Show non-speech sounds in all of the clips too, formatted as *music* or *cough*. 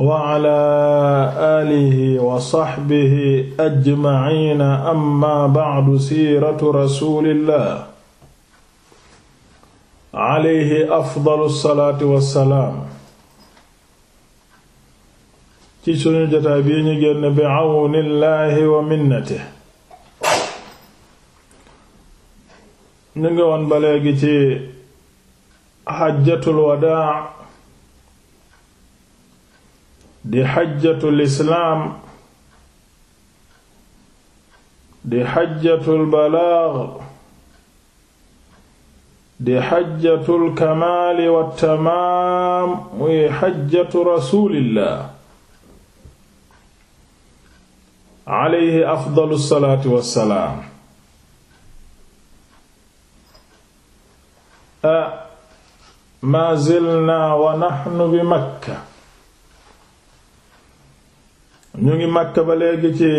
wa ala alihi wa sahbihi ajmaciina amma bacdu siiratu rasulillah alayhi afdalu wa salaam ci sunu jotaay bi ñu génn bi cawni llahi wa minnatihi ñu ngi woon ba léegi ci xajjatul wadaa di xajjatul islaam di xajjatul balaag di xajjatul kamaali wa tamaam muy xajjatu rasulillah alayhi afdalu salaatu wa salaam. Ah, maa zilnaa wa naxnu bi makka. ñu ngi Makka ba léegi ci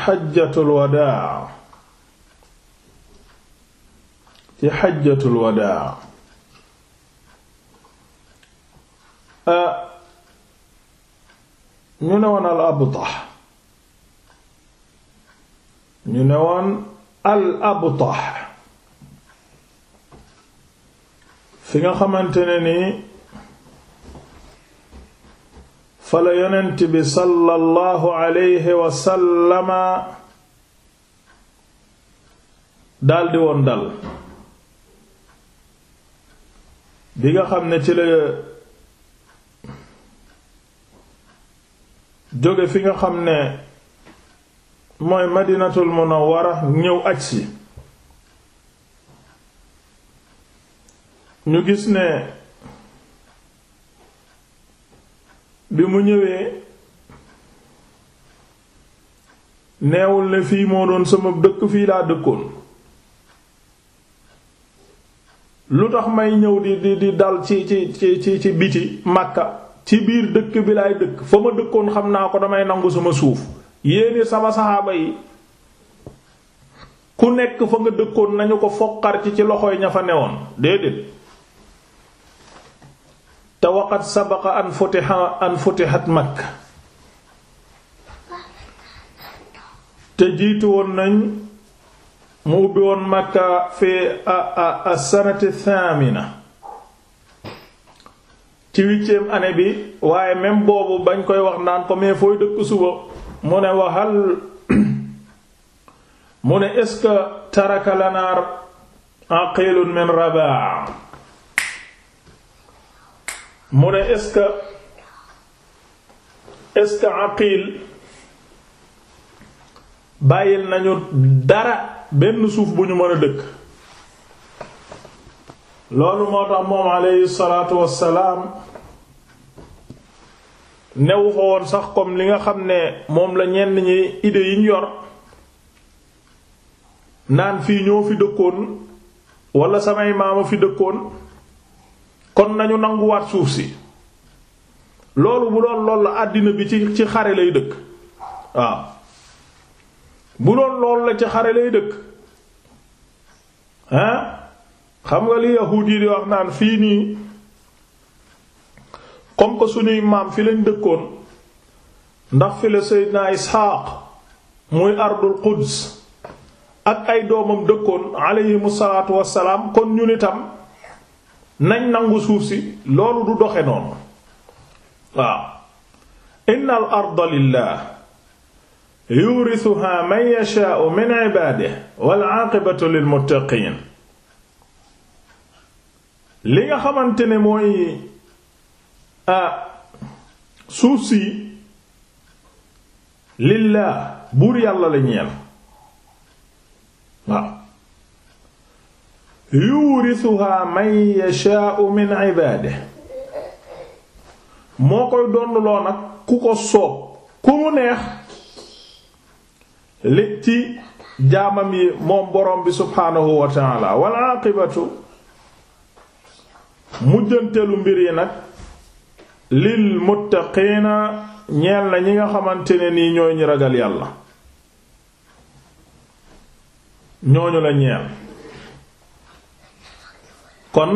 xajjatul wadaa ci xajjatul wadaa ñu ne woon al abtah ñu ne woon al abtah fi nga xamante ne nii fa la yonent bi sallallahu alayhi wa daldi woon dal bi nga xam ne ci la jóge fi nga xam ne mooy madinatul munawwara ñëw agsi ñu gis ne bi mu ñëwee neewul ne fii moo doon sama dëkk fii laa dëkkoon lu tax may ñëw di di di dal ci ci ci ci biti Makka ci biir dëkk bi laay dëkk fa ma dëkkoon xam naa ko damay nangu sama suuf yéene sama saxaaba yi ku nekk fa nga dëkkoon nañu ko foqar ci ci loxoy ña fa newoon déedéet te waqad sabaqa an futiha an futihat Makka te jiitu woon nañ mu ubbi woon Makka fi as-sanati thamina ci huitième année bi waaye même boobu bañ koy wax naan ko mais fooy dëkk suba mu ne waxal mu ne est-ce que min Rabaa mu ne est-ce aqil bàyyil nañu dara benn suuf bu ñu mën a dëkk loolu moo tax moom aleyhi salaatu newu fa woon sax comme li nga xam ne moom la ñenn ñi idées yiñ ñu yor naan fii ñoo fi dëkkoon wala samay maama fi dëkkoon kon nañu nanguwaat suuf si loolu bu doon loolu la àddina bi ci ci xare lay dëkk waaw bu doon loolu la ci xare lay dëkk hein xam nga li yahuud yi di wax naan fii nii comme que suñuy maam fi lañ dëkkoon ndax fi la Seydina Isxaaq muy ardul Quds ak ay doomam dëkkoon aleyhimu salaatu wassalaam kon ñun itam nañ nangu suuf si loolu du doxe noonu waaw inna al arda lillah yurisuha man yashaa'u min ibaadihi wal aaqibatu lil muttaqiin li nga xamante ne mooy a suuf si lillah buur yàlla la ñeel waaw yuurisuha man yashaa'u min ibaadihi moo koy donnloo nag ku ko soob ku mu neex li ci jaamam yi moom borom bi subhaanahu wa ta'aala wal aaqibatu mujjantelu mbir yi nag lil muttaqiina ñeel na ñi nga xamante ne nii ñooy ñi ragal yàlla ñooñu la ñeel kon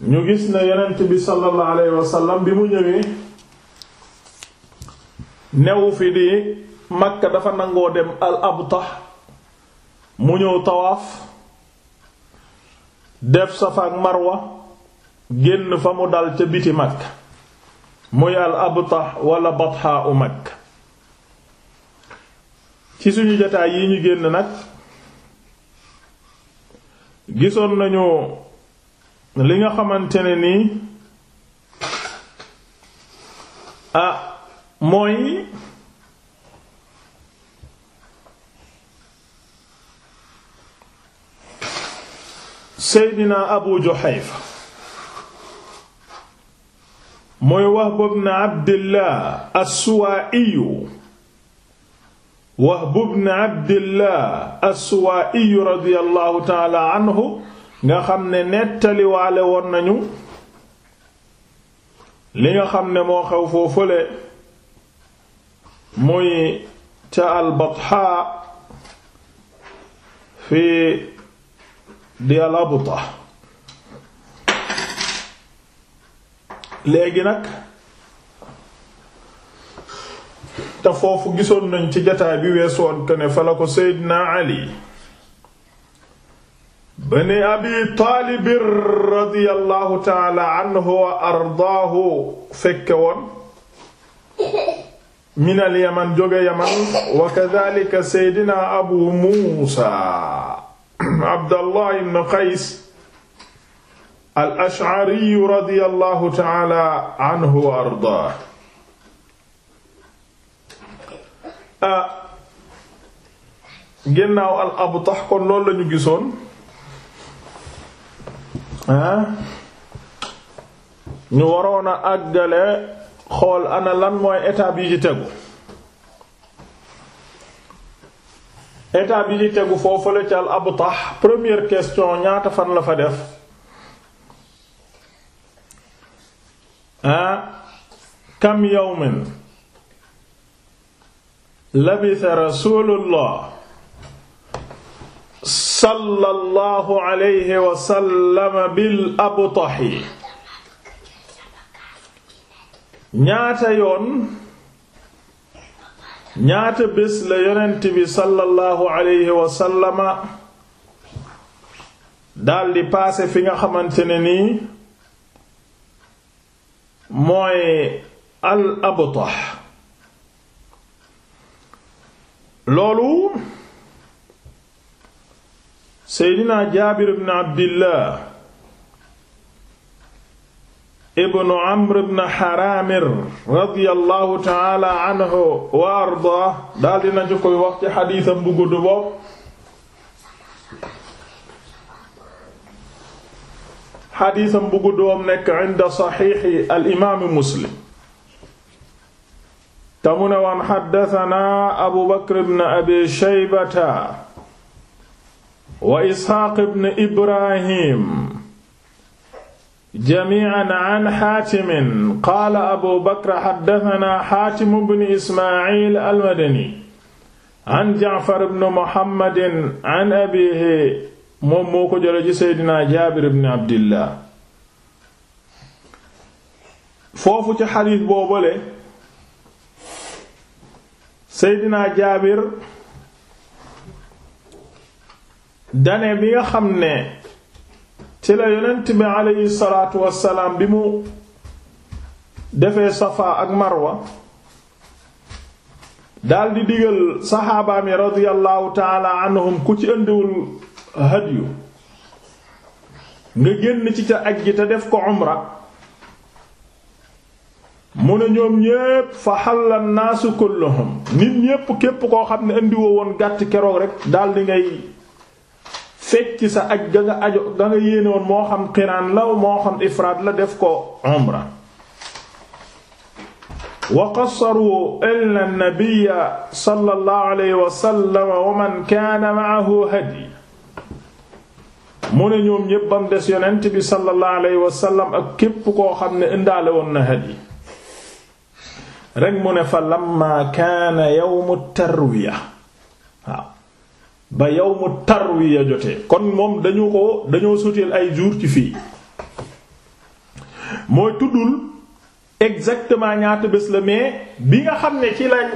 ñu gis ne yonent bi sallallahu alayhi bi mu ñëwee newu fi di Makka dafa nangoo dem al abtah mu ñëw tawaaf def Safa Marwa génn fa mu dal ca biti Makka muy al abtah wala bathaa u Makka ci suñu jotaay yi ñu génn nag gisoon nañu li nga xamante ne nii a mooy Seydina Abu Juhayfa mooy Wahb ibn Abdillah as-Suwa'i Wahb ibn Abdillah as-Suwaa'i radiyallahu ta'ala nga xam ne nettaliwaale woon nañu li nga xam ne moo xew foofule muy ca al-Bathaa fii di al-Abta léegi nag te foofu gisoon nañ ci jataay bi weesoon ko ne fa la ko seydina ali bani abi taalib radiyallahu taala anhu wa ardaahu fekke woon min al yaman jóge yaman wa kadhalika seydina abu muusa abdallah ibn qays al ash'ari radiyallahu taala anhu wa ardaahu Ah, ginnaaw al abtah kon loolu lañu gisoon ah, ñu waroon a àggale xool ana lan mooy étape yi ci tegu étape yi ci tegu foofu la ci al abtah première question ñaata fan la fa def ah kam yawmin labisa rasulullah sallallahu alayhi wa sallam bil abtahi ñaata yoon ñaata bés la yonent bi daldi paase fi nga xamante ne nii mooy al abtah loolu seydina jaabir bn abdillah ibnu amr bn haramir radiyallahu taala anhu wa ardaa daal dina ci koy wax ci xadiisam bu gudd bopp xadiisam bu gudd bopp nekk inda saxiixi al imaami muslim te mu ne woon xaddatanaa abu bakr bn abi shaybata wa isxaaq bn ibrahim jamiican an xaatimin qaala abu bakr xaddatanaa xaatimu bn ismaacil almadani an jacfar bn muhammadin an abiihi moom moo ko jële ci seydinaa jaabir bn abdillah foofu ci xadiis boobale Seydina Jaabir dane bi nga xam ne ci la yonent bi aleyhi salaatu wassalaam bi mu defee Safa ak Marwa daldi digal saxaaba mi radiyallahu taala anhum ku ci ëndiwul hadyu nga génn ci ca aj te def ko umra mu ne ñoom ñépp fa xalla naasu kulluhum nit ñépp képp koo xam ne indiwoo woon gàtt keroog rek daal ngay fecc sa aj ga nga ajo ga nga yéene moo xam xiraan la moo xam ifraat la def ko umra wa qasaru illa nabiyya sallallahu wa sallam wa man kaana ma'ahu hadi mu ne ñoom ñépp bam des yonent bi sallallahu alayhi wa sallam ak képp koo xam ne indaale woon na hadi rek mu ne fa lamma kaana yawmu tarwiya waaw ba yawmu tarwiya jotee kon moom dañu ko dañoo soteel ay jour ci fii mooy tuddul exactement ñaata bés la mais bi nga xam ne ci lañ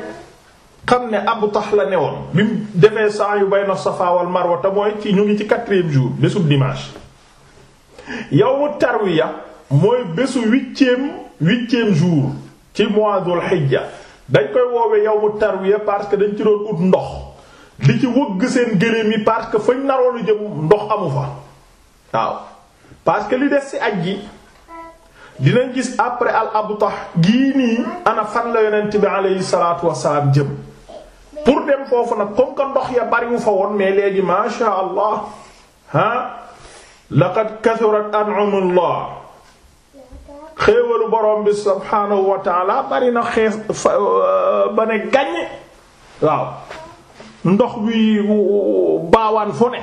xam ne Abu Tahla ne woon bi mu defee saa yu bayna Safa wal Marwa te mooy ci ñu ngi ci quatrième jour bésu dimanche yawmu tarwiya mooy bésu huitième huitième jour ci mois dul xijja dañ koy woowe yawmu tarwiya parce que dañ ci doon ut ndox li ci wëgg seen gëléem yi parce que fañ naroon a jëm ndox amu fa waaw parce que li des ci aj gi dinañ gis après al abtah gii nii ana fan la yonent bi aleyhi salaatu wasalaam jëm pour dem foofu nag comme que ndox ya bariwu fa woon mais léegi ma sha allah ah laqad kathurat an'amullah xéewalu borom bi subhaanahu wa taala bari na xees euh, ba ne gàññ waaw ndox bi baawaan fu ne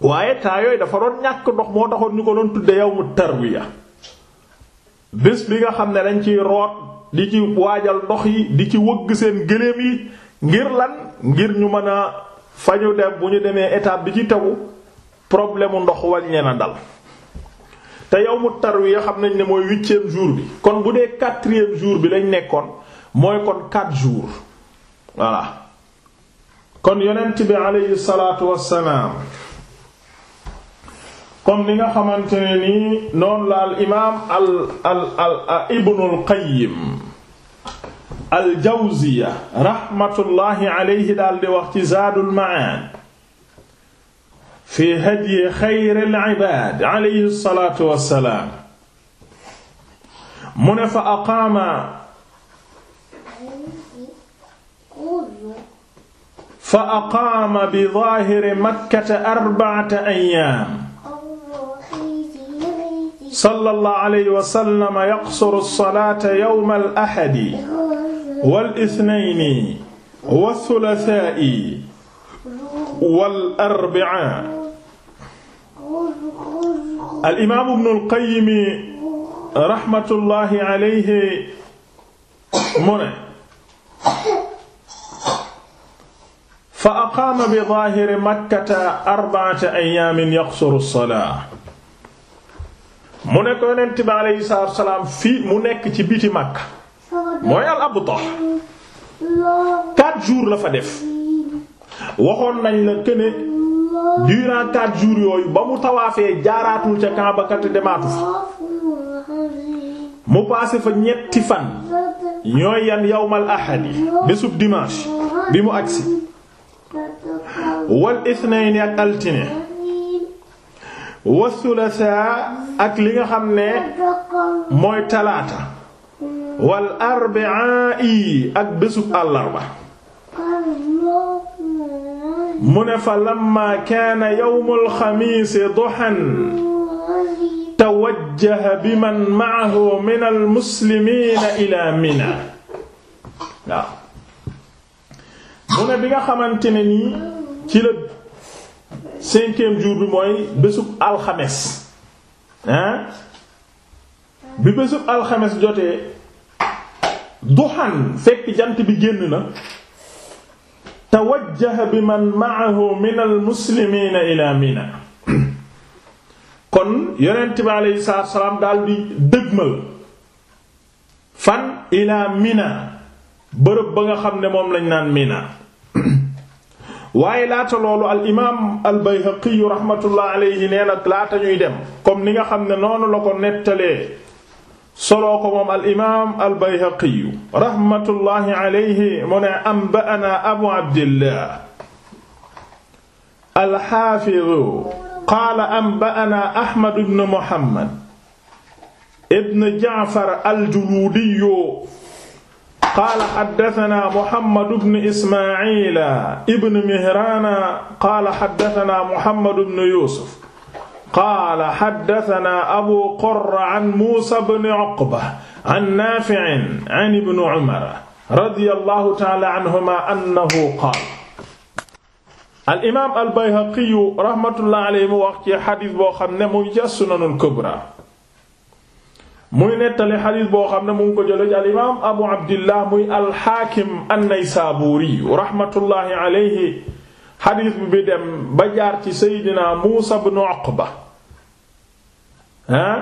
waaye temps yooyu dafa doon ñàkk ndox moo taxoon ñu ko doon tudde yawmu tarwiya bés bi nga xam ne dañ ci root di ci waajal ndox yi di ci wëgg seen gëléem yi ngir lan ngir ñu mën a fa ñu dem bu ñu demee étape bi ci tegu problème ndox wàññee na dal te yawmu tarwiya xam nañ ne mooy huitième jour bi kon bu dee quatrième jour bi lañ nekkoon mooy kon quatre jours voilà kon yonent bi aleyhi salaatu wassalaam comme ni nga xamante ne nii noonu la al imaam al al al Ibnul al Jawziya rahmatullahi aleyhi daal di wax ci Zaadul Ma'aad fi hadyi xayril ibaad alayhi salaatu wassalaam mu ne fa aqaama fa aqaama bi zaahiri makkata arba'ata ayyaam sallallahu alayhi wa sallam yaqsuru salaata yawmal ahadi wal ithnayni was sulaathaa'i wal arbia al imaamu Ibnul Qayyim raxmatullaahi alayhi mu ne fa aqaama bi daahiri makkata arba'ata ayyaamin yaqsuru salaa mu ne ko yonent bi alayhi salaatu wa salaam fii mu nekk ci biti Makka mooy al abtah quatre jours la fa def waxoon nañ la këne durant quatre jours yooyu ba mu tawaafee jaaraatul ca kàmbakati demaatu fa mu paase fa ñetti fan ñooy yan yawmal ahadi bésub dimanche bi mu agsi wal isnayni ak altine wa ak li nga xam ne mooy talaata wal arba'a ak bésub àllarba mu ne fa lamma kaana yawmul xamiisi duhan tawajjaha biman ma'ahu minal muslimiina ilaa Mina mu ne bi nga xamante ne nii ci la cinquième jour bi mooy bésub alxames ah bi bésub alxames jotee duxan fekk jant bi génn na tawajjaha bi man maahu min almuslimiina ila mina kon yonent bi aleyhi salaatu salaam daal di dëgmal fan ila mina bërëb ba nga xam ne moom lañ naan mina waaye laata loolu al imaam al bayhaqiyu rahmatullah aleyhi nee na laata ñuy dem comme ni nga xam ne noonu la ko nettalee soloo ko moom alimaam albayhaqiyu rahmatullahi alayhi mu ne anba'ana abu abdillah alxaafidu qaala anba'ana ahmad ibn muhammad ibn ja'far aljuluudiyu qaala xaddatana muhammad ibn ismaaciila ibn mihraana qaala xaddatana muhammad ibn yuusuf qaala haddasanaa abu qurra an muusa bni uqba an naafi'in an ibni umar radiyallahu ta'aala anhumaa annahu qaala. al imaam al bayhaqiyu rahmatullahi alayhi mu wax ci xadis boo xam ne mu ngi ci sunanul kubra muy nettali xadis boo xam ne mu ngi ko jëlee ci al imaam abu abdillah muy al xaakim an-naysaabuuri rahmatullahi alayhi xadiis bi bi dem ba jaar ci seydina muusa ibn uqba ah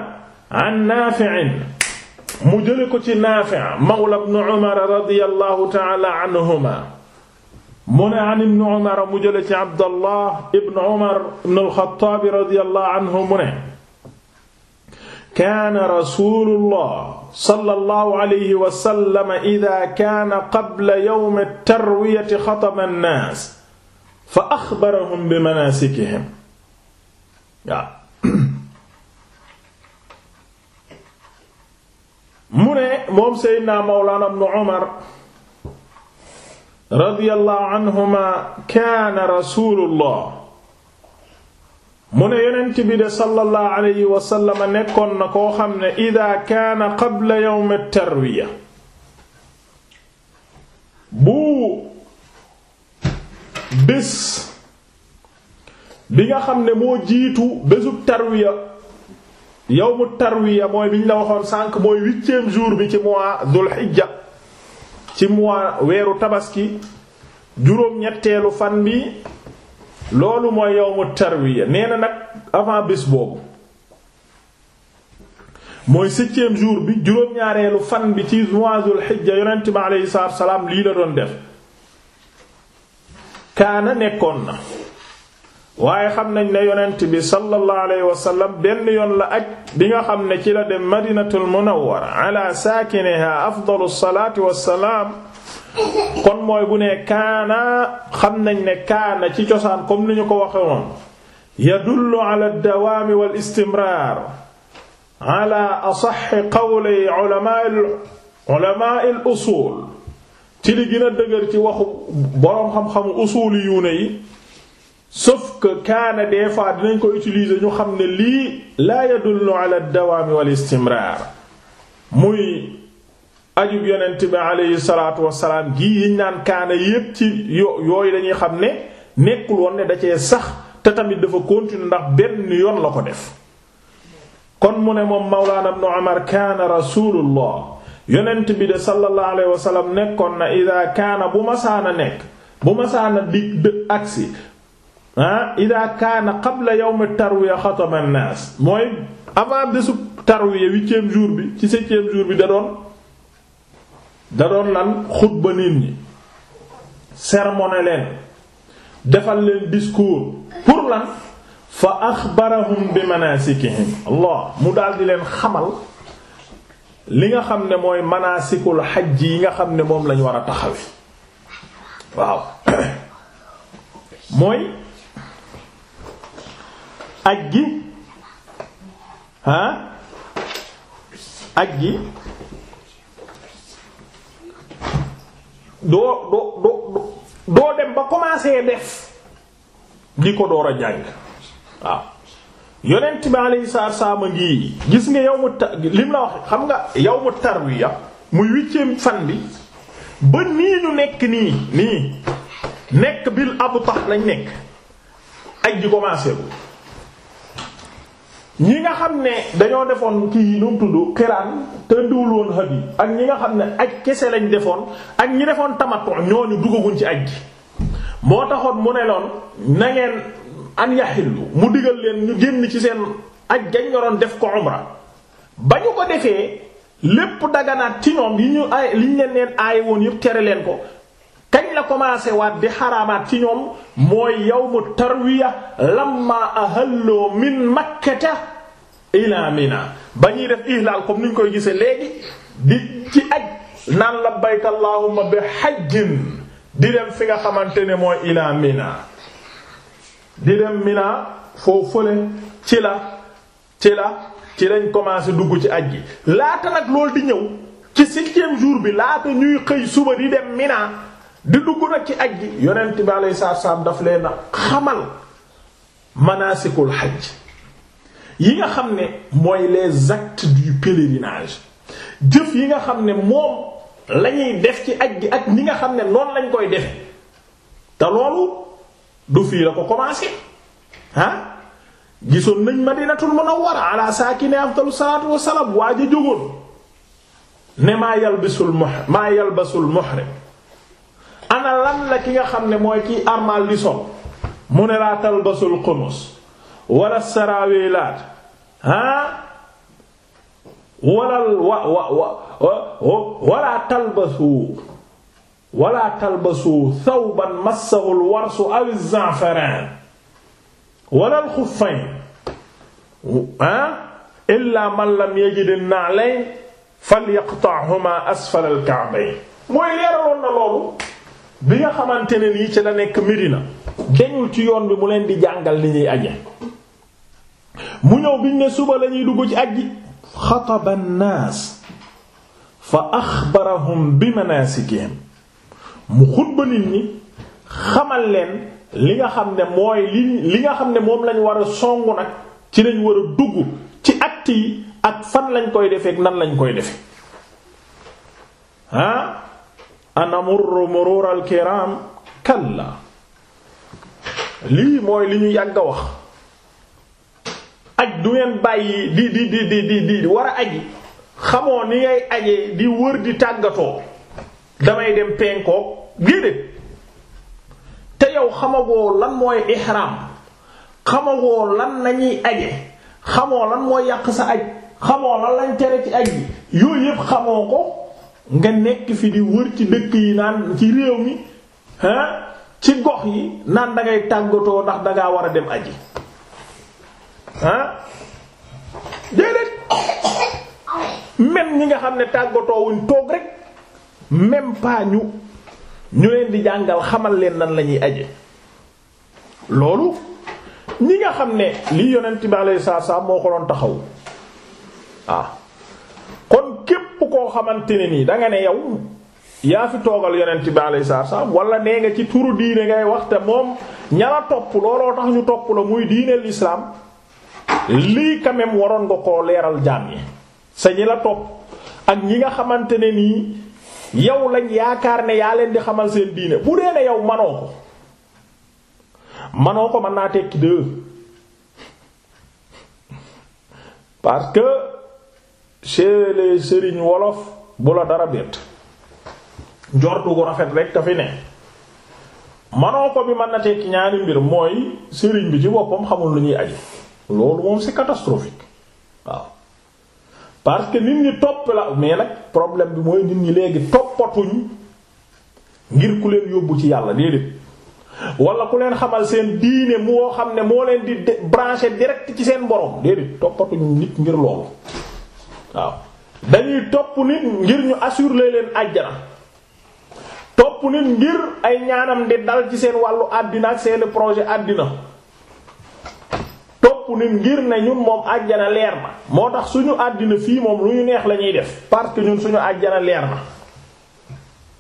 an naafi'in mu jële ko ci naafi' mawla ibn umar radiyallahu ta'ala anhuma mu ne an ibn umar mu jële ci abdallah ibn umar ibn al-khattab radiyallahu anhu mu ne kaana rasuulullah sallallahu alayhi wa sallam idhaa kaana qabla yawmi at-tarwiyati xataba an-naas fa axbarahum bi manasikihim waaw mu ne moom seydna mawlana ibnu umar radiyallahu anhuma kaana rasulullah mu ne yonent bi de sallallahu alayhi wa sallam nekkoon na koo xam ne ida kaana qabla yawm at-tarwiya bu bés bi nga xam ne moo jiitu bésub tarwiya mu tarwiya mooy bi ñu la waxoon sànq mooy huitième jour bi ci mois dhul hijja ci mois weeru tabaski juróom-ñetteelu fan bi loolu mooy yawmu tarwiya nee na nag avant bis boobu mooy septième jour bi juróom-ñaareelu fan bi ci mois dhul hijja yonent bi aleyhi salaam lii la doon def kaana nekkoon na waaye xam nañ ne yonent bi sallallahu alayhi wa sallam benn yoon la ak bi nga xam ne ci la dem madinatul munawwara ala saakiniha afdalu salaati wassalaam kon mooy bu ne kaana xam nañ ne kaana ci cosaan comme ni ñu ko waxe woon yadullu ala dawaami wal istimraar ala asaxi qawli ulamaa'il ulamaa'il usuul ci li gën dëgër ci waxu boroom xam-xamu usuliyuune yi sauf kaana des fois dinañ ko utilise ñu xam ne lii laa yadullu ala dawaami wal istimraar muy ajub yonent bi aleyhi salaatu wasalaam gii yiñ naan kaana yépp ci yooyu dañuy xam ne nekkul woon ne da sax te tamit dafa continuer ndax benn yoon la ko def kon mu ne moom mawlaana ibnu Umar kaana rasulullah yonent bi de sallallahu alayhi nekkoon na ida kaana bu masaana nekk bu masaana dig dë agsi ah kaana qabla yawm tarwiya xatama mooy avant bésu tarwiya huitième jour bi ci septième jour bi da doon da doon lan xutba nit ñi sermoné leen defal leen discours pour lan fa axbarahum bi manasikihim allah mu daldi leen xamal li nga xam ne mooy manaasikul xaj yi nga xam ne moom lañ war a taxawe waaw mooy aj gi ah aj gi doo doo doo doo dem ba commencer def di ko door a jàng waaw yonent bi alayhi salaam a ngi gis nga yow mu ta lim la wax xam nga yow mu tar wi ya muy huitième fan bi ba nii ñu nekk nii nii nekk bil abu tax lañ nekk aj ji commencé bu ñi nga xam ne dañoo defoon kii nu mu tudd xiraan te ndiwul woon xët yi ak ñi nga xam ne aj kese lañ defoon ak ñi defoon tamaton ñooñu dugaguñ ci aj ji moo taxoon mu ne loon an yaxillu mu digal leen ñu génn ci seen aj gañ ñoroon def ko umra ba ñu ko defee lépp daganaat ci ñoom yi ñu ay liñ leen leen aaye woon yëpp tere leen ko kañ la commencé waat di xaraamaat ci ñoom mooy yawmu tarwiya lamma ahalloo min makkata ila mina ba ñuy def ihlaal comme niñ koy gisee léegi di ci aj naan labbayka allahumma bi hajjin di dem fi nga xamante ne mooy ila miina di dem Mina foofu fële ci la ci la ci lañ commencé dugg ci aj gi laata nag loolu di ñëw ci septième jour bi laata ñuy xëy suba di dem Mina di dugg nag ci aj gi yonent bi alayhi salaatu salaam daf leen a xamal manasikul hajj yi nga xam ne mooy les actes du yi nga xam ne moom lañuy def ci aj gi ak ni nga xam ne noonu lañ koy defe te loolu du fii la ko commencé ah gisoon nañ madinatul munawwara ala saakine afdalu salaatu wassalaam waaj a jógoon ne maa yalbisul muhrim maa yalbasul muhrim ana lan la ki nga xam ne mooy kiy armal li sol mu ne laa talbasul xumus wala saraawilaat ah wala wa wa wa wala talbasu wala talbasu thawban massahu alwarsu aw az-za'faran wala al-khuffayn illa man lam yajid an-na'layn falyaqta'huma asfala al-ka'bayn mooy leeraloon na loolu bi nga xamante ne nii ci la nekk Medina dañul ci yoon bi mu leen di jàngal li ñuy aje mu ñëw biñ ne suba lañuy dugg ci ajji xataba an-nas fa axbarahum bi manasikihim mu xutba nit ñi xamal leen li nga xam ne mooy li nga xam ne moom lañ war a songu nag ci lañ war a dugg ci actes yi ak fan lañ koy defee ak nan lañ koy defee ah anamurru murural kiram kalla lii mooy li ñu yàgg a wax aj du ngeen bàyyi di di di di di war a aji xamoo ni ngay ajee di wër di tàggatoo damay dem penkook déedéet te yow xamagoo lan mooy ihram xamagoo lan lañuy aje xamoo lan moo yàq sa aj xamoo lan lañ tere ci aj yi yooyu yépp xamoo ko nga nekk fi di wër ci dëkk yi naan ci réew mi hein ci gox yi naan dangay tàggatoo ndax dangaa war a dem aji hein déedéet même ñi nga xam ne tàggatoo wuñ toog rek même pas ñu ñu leen di jàngal xamal leen nan lañuy aje loolu ñi nga xam ne lii yonent bi alayhi salaam moo ko doon taxaw waaw ah. kon képp koo xamante ne nii danga ne yow yaa fi toogal yonent bi alayhi salaam wala nee nga ci turu diine ngay wax te moom ña la topp looloo tax ñu topp la muy diine l'islam lii quand même waroon nga koo leeral jaam yi sa ñi la topp ak ñi nga xamante ne nii. yow lañ yaakaar ne yaa leen di xamal seen diine bu dee ne yow manoo ko manoo ko mën naa tekki dë parce que chez les sëriñ wolof bu la dara bett njortu gu rafet rek ka fi ne manoo ko bi man na tekki ñaari mbir mooy sëriñ bi ci boppam xamul lu ñuy aju loolu moom c'est catastrophique waaw parce que nit ñi topp la mais nag problème bi mooy nit ñi léegi toppatuñ ngir ku leen yóbbu ci yàlla déedéet wala ku leen xamal seen diine moo xam ne moo leen di branché direct ci seen borom déedéet toppatuñ nit ngir loolu waaw dañuy topp nit ngir ñu assurer leen àjjana topp nit ngir ay ñaanam di dal ci seen wàllu àddina ak seen projet àddina topp nit ngir ne ñun moom àjjana leer na moo tax suñu àddina fii moom lu ñu neex lañuy def parce que ñun suñu àjjana leer na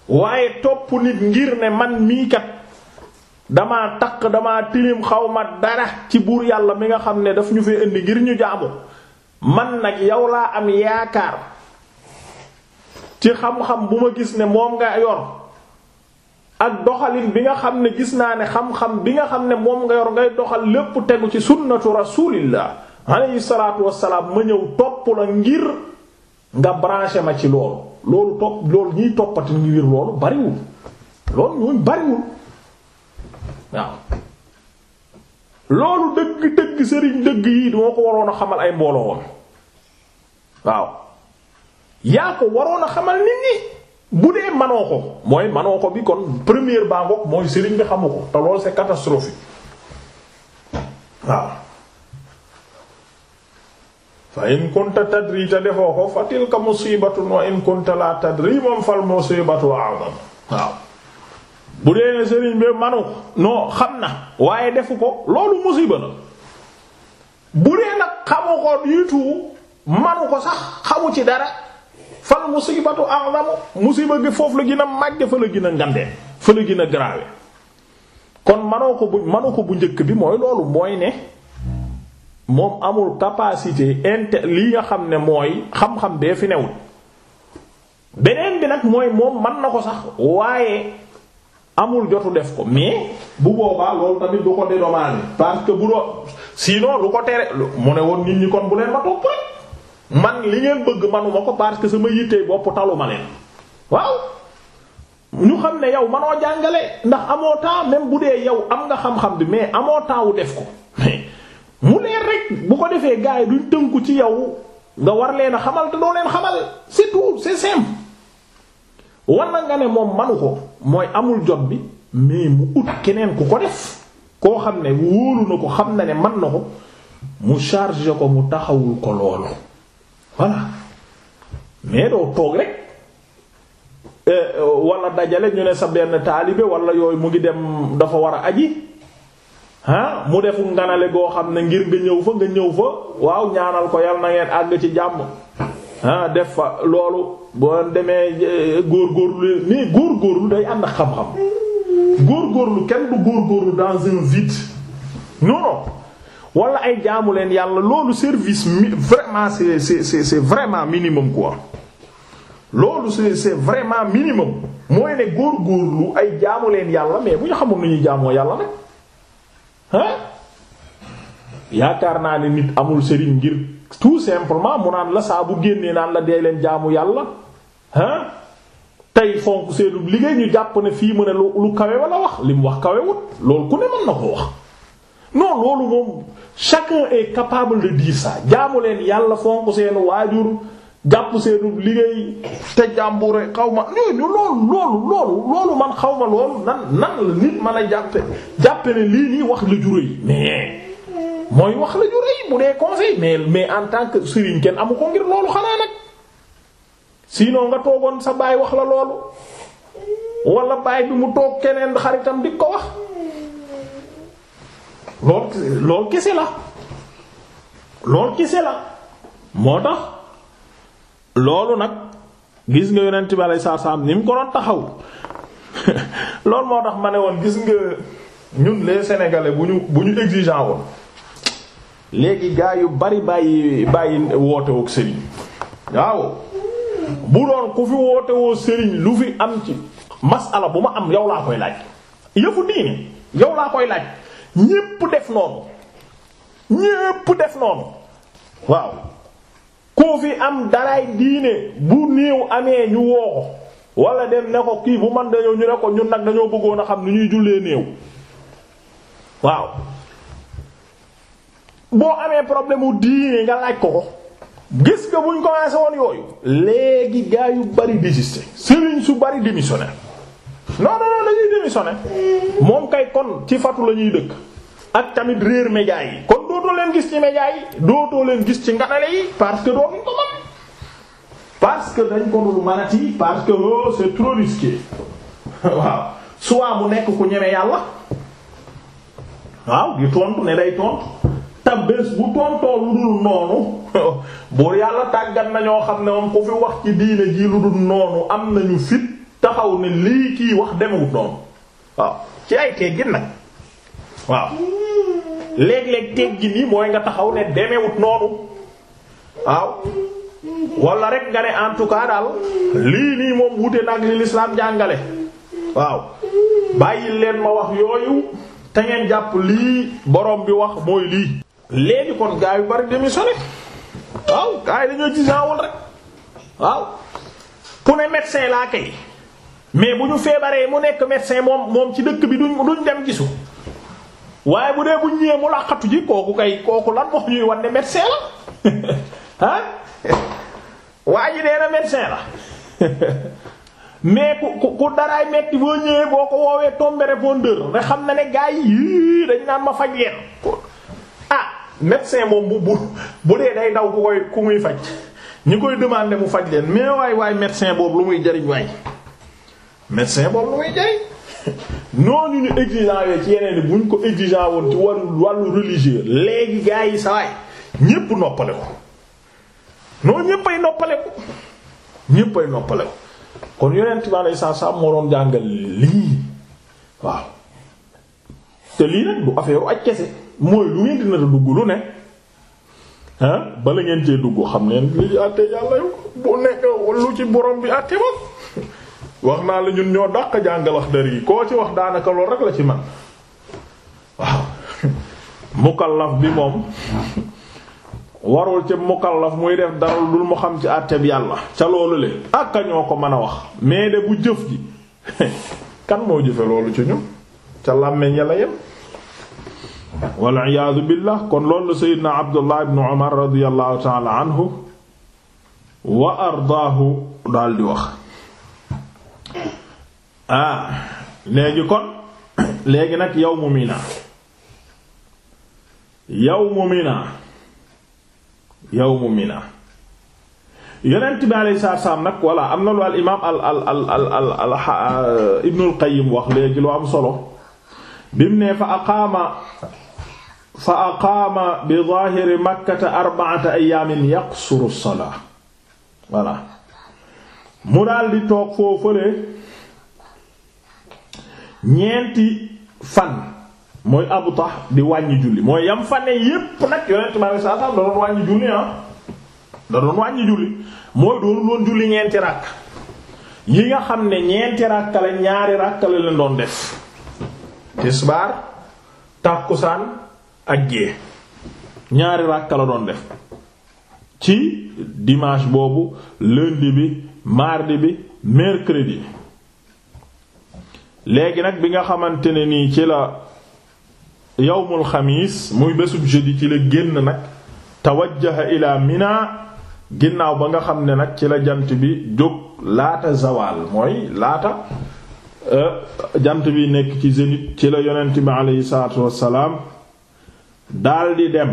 waaye topp nit ngir ne man mii kat dama taq dama tilim xaw ma dara ci buur yàlla mi nga xam ne daf ñu fee indi ngir ñu jaamu man nag yow laa am yaakaar ci xam-xam bu ma gis ne moom nga yoon ak doxalin bi nga xam ne gis naa ne xam-xam bi nga xam ne moom nga yor ngay doxal lépp tegu ci sunnatu rasulillah alayhi salaatu wassalaam ma ñëw topp la ngir nga branché ma ci loolu loolu topp loolu ñuy toppati ngir loolu bariwul loolu ñooñ bariwul waaw loolu dëgg-dëgg sëriñ dëgg yi dama ko waroon a xamal ay mbooloo waaw yaa ko waroon a xamal nit ñi bu dee manoo ko mooy manoo ko bi kon première bangoog mooy sëriñ bi xamu ko te loolu c'est catastrophe waaw fa in kunta tadri te defoo ko fa tilka musibatun wa in la tadri moom fal musibatu a'zam waaw bu dee ne sëriñ bi manu non xam na waaye defu ko loolu musiba la bu dee nag xamu ko du manu ko sax xamu ci dara fal musibatu a'zamu musiba gi foofu la gën a màgge fa la gën a ngandee fa la gën a grave kon manoo ko bu manoo ko bu njëkk bi mooy loolu mooy ne moom amul capacité inte lii nga xam ne mooy xam-xam bee fi newul beneen bi nag mooy moom mën na ko sax waaye amul jotu def ko mais bu boobaa loolu tamit du ko dédommager parce que bu doo sinon lu ko tere mu ne woon nit ñi kon bu leen ma topp rek man li ngeen bëgg manuma ko parce que sama yittee bopp taluma leen waaw ñu xam ne yow manoo jàngale ndax amoo temps même bu dee yow am nga xam-xam bi mais amoo temps wu def ko mu leer rek bu ko defee gars yi duñ tënku ci yow nga war leen a xamal te doo leen xamal c'est tout c'est simple war na nga ne moom manu ko mooy amul jot bi mais mu ut keneen ku ko def koo xam ne wóolu na ko xam na ne man na ko mu chargé ko mu taxawul ko loolu voilà mais doo toog rek euh, wala dajale ñu ne sa benn taalibe walla yooyu mu ngi dem dafa war a aji ah mu defu nganale goo xam ne ngir nga ñëw fa nga ñëw fa waaw ñaanal ko yal na ngeen àgg ci jàmm ah def fa loolu boo demee góor euh, góorgóorlu mais góorgóorlu day ànd ak xam-xam góorgóorlu kenn du góorgóorlu dans un vide non wala ay jaamu leen yàlla loolu service mi vraiment c'est c'est vraiment minimum quoi loolu c'est c'est vraiment minimum mooy ne góorgóorlu ay jaamu leen yàlla mais bu ñu xamul nu ñuy jaamoo yàlla nag ah yaakaar naa ne nit amul sëriñ ngir tout simplement mu naan la saabu génnee naan la dee leen jaamu yàlla ah tey fonk seenu liggéey ñu jàpp ne fii mu ne lu lu kawe wala wax li mu wax kawewut loolu ku ne mën na ko wax. non loolu moom chacun est capable de dire ça jaamu leen yàlla fonk seen waajur jàpp seenu liggéey te jàmbure xaw ma ñooñu loolu loolu loolu loolu man xaw ma loolu nan nan la nit man a jàppe jàppe ne lii nii wax la jure yi mais mooy wax la jure bu dee conseil mais mais en tant que sëriñ kenn amu ko ngir loolu xanaa nag sinon nga toogoon sa baay wax la loolu wala baay bi mu toog keneen xaritam di ko wax. lool lool kese la lool kese la moo tax loolu nag gis nga yonent bi alayhi salaam ni mu ko doon taxaw *laughs* loolu moo tax ma ne woon gis nga ñun les sénégalais bu ñu bu ñu exigeant woon léegi gaa yu bari bàyyi bàyyi woote wook sëriñ waaw bu doon ku fi woote woo sëriñ lu fi am ci masala bu ma am yow laa koy laaj yëfu diini yow laa koy laaj ñépp def noonu ñépp def noonu waaw ku fi am daraay diine bu néew amee ñu woo ko wala dem ne ko kii bu man dañoo ñu ne ko ñun nag dañoo bëggoon a xam ni ñuy jullee néew waaw boo amee problème mu diine nga laaj ko ko gis nga buñ commencé woon yooyu léegi gaa yu bari désisté sëriñ su bari démissionnaire non non non dañuy démissionné moom kay kon ci fatu la ñuy dëkk ak tamit réer média yi kon dootoo leen gis ci média yi dootoo leen gis ci nganale yi parce que dootuñ ko mën parce que dañ ko dul manati parce que oh c'est trop *laughs* mu nekk ku ñeme yàlla waaw di tontu ne day tontu te bu tontoo lu dul noonu *laughs* buur yàlla tàggat na ñoo xam ne moom ku fi wax ci diine ji lu dul noonu am nañu fit taxaw ne lii kii wax demewut noonu waaw ci ay teggin nag waaw léeg-léeg teggin yi mooy nga taxaw ne demewut noonu waaw wala rek nga ne en tout cas daal lii nii moom wute nag li lislaam jàngale waaw bàyyi leen ma wax yooyu te ngeen jàpp lii borom bi wax mooy lii léegi kon gaa yu bari démissionné waaw gaa yi dañoo gisaawul rek waaw ku ne médecin laa kay mais bu ñu feebaree mu nekk médecin moom moom ci dëkk bi duñ duñ dem gisu waaye bu dee bu ñëwee mu laqatu ji kooku kay kooku lan moo ñuy wan ne médecin la *laughs* waa ji nee na médecin la *laughs* mais ku ku daraay metti boo ñëwee boo ko woowee tombé xam na ne gars yi dañ naan faj leen. ah médecin moom bu dee day daw ku koy ku muy faj ñu koy demander mu faj leen mais waay waay médecin boobu lu muy jariñ waay. médecin boobu lu muy noonu ñu exigeant yooyu ci yeneen bu ñu ko exigeant woon ci wàllu wàllu léegi gaa yi sawaay ñépp noppale ko noonu ñéppay noppale ko ñéppay noppale ko kon yonent bi alayhi salaam moo doon jàngal lii waaw te lii nag du affaire aj kese mooy lu ngeen dina dugg lu ne bala ngeen cee dugg xam neen li ci àtte yàlla yu bu nekk lu ci borom bi àtte moom wax naa la ñun ñoo dàq jàngal Axdari yi koo ci wax daanaka lool rek la ci man waaw *laughs* mukallaf bi moom warul ci mukallaf muy def dara dul mu xam ci àtte bi yàlla ca loolu le ak ñoo ko mën a wax mais de bu jëf ji *laughs* kan moo jëfe loolu ci ñun ca làmmeñ ya la yem wal iyaadu billah kon loolu la seydina abdullah ibnu umar radiyallahu taala anhu wa ardaahu daldi wax ah léegi kon *coughs* léegi nag yow Mina yawmu Mina yawmu Mina yonent bi alayhi salaam nag walla am na lu al imaam al al al al al euh, Ibnul Qayyim wax léegi lu am solo bim ne fa aqaama fa aqaama bi zaahiri makkata arba'ata ayyaamin yaqsuru salaa voilà mu daal di toog foofule ñeenti fan mooy abu tax di wàññi julli mooy yam fane yépp nag yonent ma saa saa da doon wàññi julli ah da doon wàññi julli mooy doon doon julli ñeenti ràkk yi nga xam ne ñeenti ràkk la ñaari ràkk la leen doon def tisbaar tàkkusaan ak gée ñaari ràkk la doon def ci dimanche boobu lundi bi mardi bi mercredi léegi nag bi nga xamante ne nii ci la yawmul xamiis muy bésu jeudi ci la génn nag tawajjaha ilaa mina ginnaaw ba nga xam ne nag ci la jant bi jóg laata zawaal mooy laata euh, jant bi nekk ci zénith ci la yonent bi aleyhi salaatu wassalaam daldi dem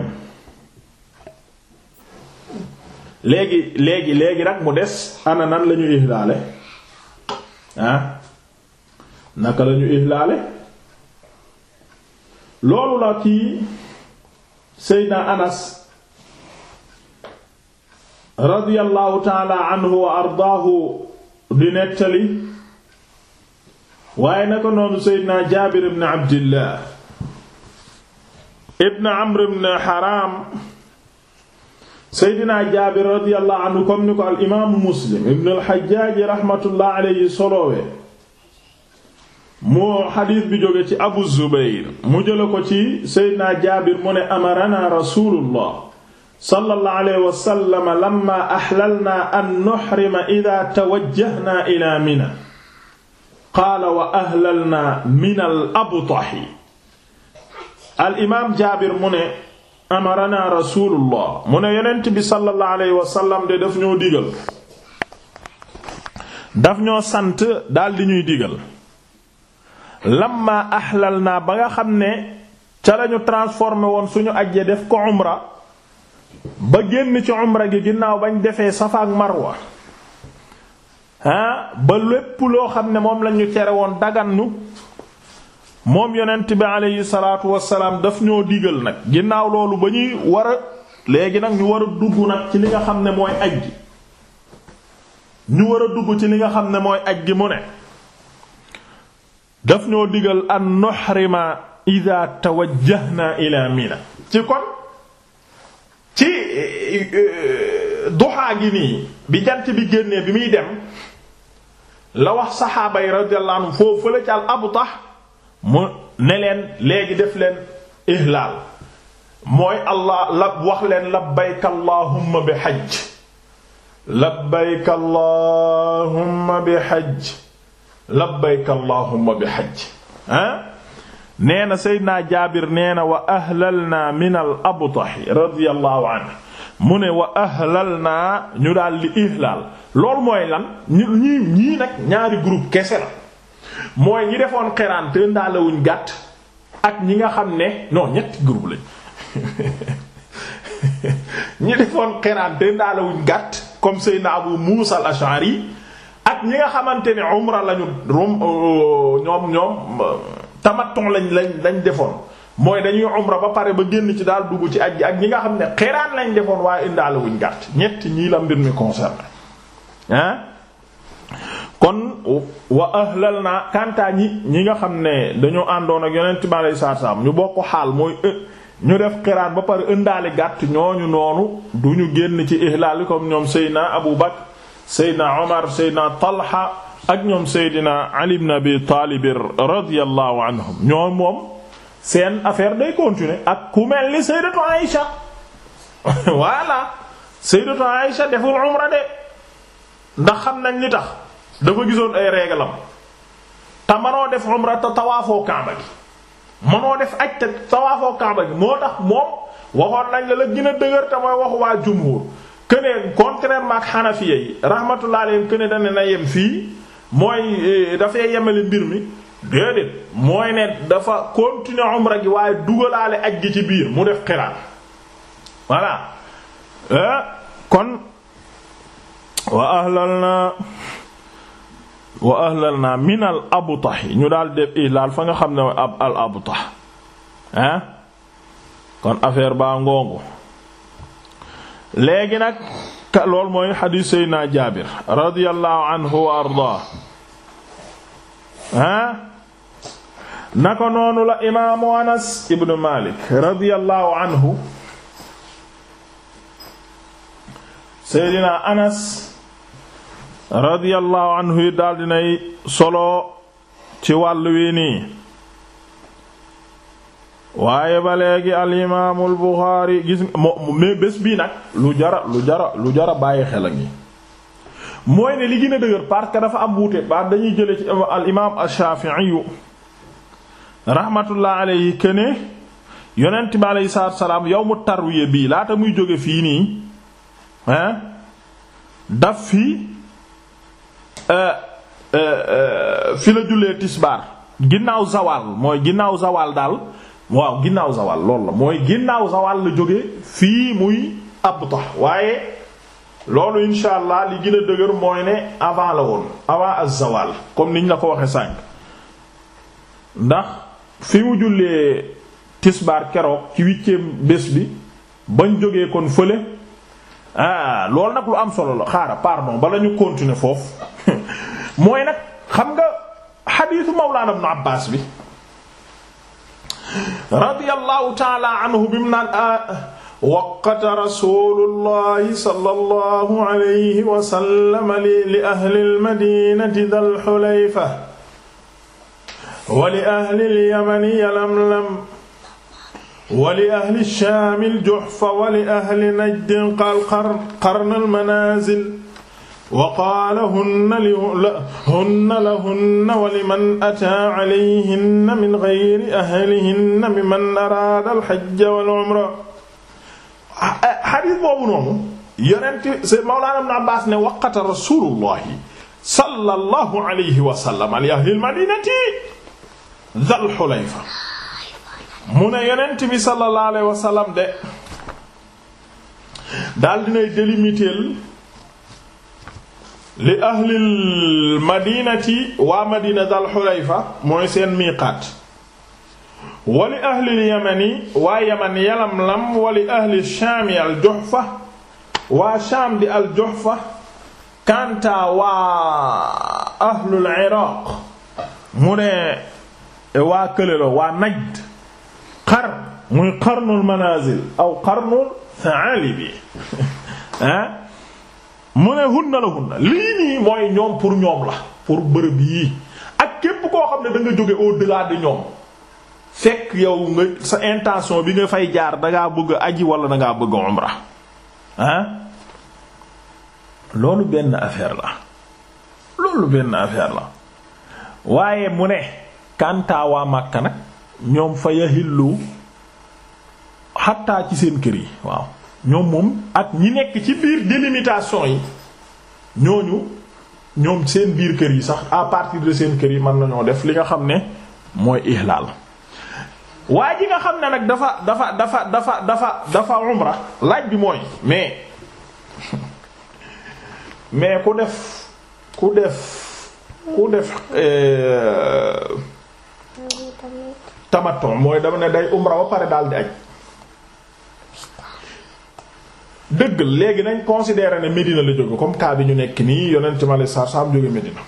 léegi léegi léegi nag mu des ana nan lañu ihdaale naka lañu ihlaale loolu la seydna anas radiyallahu taala anhu wa ardaahu di nettali waaye naka noonu seydna jaabir ibn abdillah ibn amr ibn haram seydna jaabir radiyallahu anhu comme ni ko al imaamu muslim ibn al hajjaaj rahmatullah alayhi moo xadiis bi jóge ci abu zubayr mu jëla ko ci seydina jaabir mu ne amarana rasulullah sallallahu alayhi wasallam lamma axlalna an nuxrima ida tawajjahna mina qaala wa ahlalna min al abtahi al imaam jaabir mu ne amarana rasulullah mu ne yonent bi sallallahu wa wasallam de daf ñoo digal daf ñoo sant daal di ñuy digal lamma ahlal naa ba nga xam ne ca lañu transformé woon suñu ajje def ko umra ba génn ci umra gi ginnaaw bañ defee safa ak marwa ah ba lépp loo xam ne moom lañu tere woon dagan ñu moom yonent bi aleyhi salaatu wassalaam daf ñoo digal nag ginnaaw loolu ba ñuy war léegi nag ñu war dugg nag ci li nga xam ne mooy aj ñu war a dugg ci li nga xam ne mooy aj gi mu ne daf ñoo digal an nuhrima idha tawajjahna ila mina ci kon ci euh, duhaa gi nii bi jant bi génnee bi muy dem la wax saxaaba yi radiyallahu anhum foofu la ca al abtah mu ne leen léegi def leen ihlaal mooy allah wax leen labbayka allahumma bi hajj labbayka allahumma bi hajj labbayka allahumma bi hajj ah nee na seydinaa jaabir nee na wa ahlalnaa min al abtahi radiyallahu anhu mu ne wa ahlalnaa ñu daal li ihlaal loolu mooy lan ñu ñii ñii nag ñaari group kese la mooy ñi defoon xeraan te gàtt ak ñi nga xam ne non ñetti groupe lañ *laughs* ñi defoon xeraan te ndaalewuñ gàtt comme seydinaa abu muusa al ash'ari ak ñi nga xamante ne umra lañu rum euh, ñoom ñoom euh, tamattu lañ lañ lañ defoon mooy dañuy umra ba pare ba génn ci daal dugg ci aj gi ak ñi nga xam ne xiraan lañ defoon waaye indaale wuñ gàtt ñetti ñii la mbir mi concerné ah kon wa ahlal naa kantaa ñi ñi nga xam ne dañoo àndoon ak yonent bi alei saatu ñu bokk xaal mooy euh, ñu def xiraan ba pare indaale gàtt ñooñu noonu ñu génn ci ihlaal comme ñoom Seyna Abu Bakr seydna omar seydna talha ak ñoom seydna ali ibn abi taalib radiyallahu anhum ñoom moom seen affaire day continuer ak ku mel ni seydatu aïsha *laughs* voilà seydatu aïsha deful umra de ndax xam nañ li tax dafa ay réglam te manoo def umra te tawaafoo kaaba gi manoo def aj te tawaafoo kaaba gi moo tax moom waxoon nañ la la dëgër te wax waa jumhur kënee contrairement ak xanafiya yi rahmatullah alayhim këne dana na yem fii mooy eh, dafay yemale mbir mi déedéet mooy ne dafa continuer umra gi waaye dugalaale aj gi ci biir mu def xiraan voilà eh, kon wa ahlalna wa ñu daal def xam ne eh? kon affaire baa ngoongu léegi nag loolu mooy xadiis Seydina Jaabir radiyallahu anhu wa ardaa ah naka noonu la imaamu Anas ibn Malik radiyallahu anhu Seydina Anas radiyallahu anhu yi daal dinay solo ci wàllu wi waaye ba léegi al imaamul Buxaari gis moo mais bés bii nag lu jara lu jara lu jara bàyyi xel a ngi mooy ne li gën a dëgër parce que dafa am wuute ba dañuy jële ci al imaam ash-Shafi'i rahmatullah alayhi kene yonent bi alayhi salaatu salaam yawmu tarwiya bii laata muy jóge fii nii hein daf fi euh, euh, euh, fi la jullee tisbaar ginnaaw zawaal mooy ginnaaw zawaal daal waaw ginnaaw zawal loolu la mooy ginnaaw zawal la jóge fii muy abtah waaye loolu insha li gën a dëgër mooy ne avant la woon avant az-zawal comme niñ la ko waxee sànq ndax fi mu jullee tisbaar keroog ci huitième bés bi bañ jógee kon fële ah loolu nag lu am solo la xaaral pardon bala ñu continuer foofu *laughs* mooy nag xam nga xadiisu Mawlaana Ibn Abbaas bi radiyallahu taala anhu bi mu naan ah, waqata rasulullahi sallallahu alayhi wa sallam li ahli almadinati dal xulayfa wa li ahli alyamani lamlam wa li ahli shaami aljuhfa wa li ahli najdin qaal qarn almanazil wa qaala hunna li hunna lahunna wa liman ataa alayhinna min ghayri ahlihinna mimman araada al-hajja wal umra xadiis boobu noonu yonent Mawlaana Ibn Abbaas ne waqata rasuulullahi sallallahu alayhi wa sallam li ahli al-madiinati dhal hulayfa mu ne yonent bi sallallahu alayhi wa sallam de daal dinay délimiter li ahlil madinati waa madina dal xulayfa mooy seen miiqaat wa li ahlil yamani waa yaman yalamlam wa li ahli shaami al juhfa waa shaam di al juhfa kanta waa ahlul iraq mu ne waa këlelo waa najd xar muy qarnul manazil aw qarnul thalibi *laughs* ah mu ne hunna la hunna lii nii mooy ñoom pour ñoom la pour bërëb yii ak képp koo xam ne da jóge au delà de ñoom fekk yow nga sa intention bi nga fay jaar da bëgg aji wala da ngaa bëgg umra ah loolu benn affaire la loolu benn affaire la waaye mu ne kanta waa Makka nag ñoom fa lu xattaa ci seen kër yi waaw ñoom moom ak ñi nekk ci biir délimitation yi ñooñu ñoom seen biir kër yi sax à partir de seen kër yi mën nañoo def li nga xam ne mooy ihlal waa ji nga xam ne nag dafa dafa dafa dafa dafa dafa umra laaj bi mooy mais *laughs* mais ku def ku def ku def euh, tamattu mooy dama ne day umra ba pare daal di aj dëgg léegi nañ considérer ne Médina la jóge comme cas bi ñu nekk nii yonent ma la sar sam jóge Médina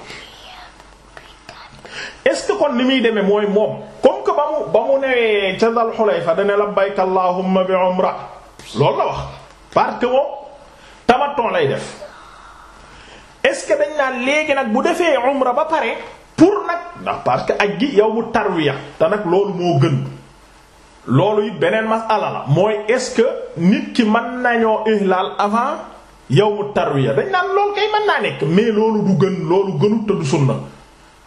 est-ce que kon ni muy demee mooy moom comme que ba mu ba mu newee ca Dal Xulayfa dane labbayka allahumma bi umra loolu la wax parce que moom tamaton lay def est-ce que dañ naan léegi nag bu defee umra ba pare pour nag ndax parce que aj gi yow mu tarwiya te nag loolu moo gën loolu it beneen masala la mooy est-ce que nit ki mën nañoo ihlaal avant yawmu tarwiya dañ naan loolu kay mën naa nekk mais loolu du gën loolu gënut te du sunna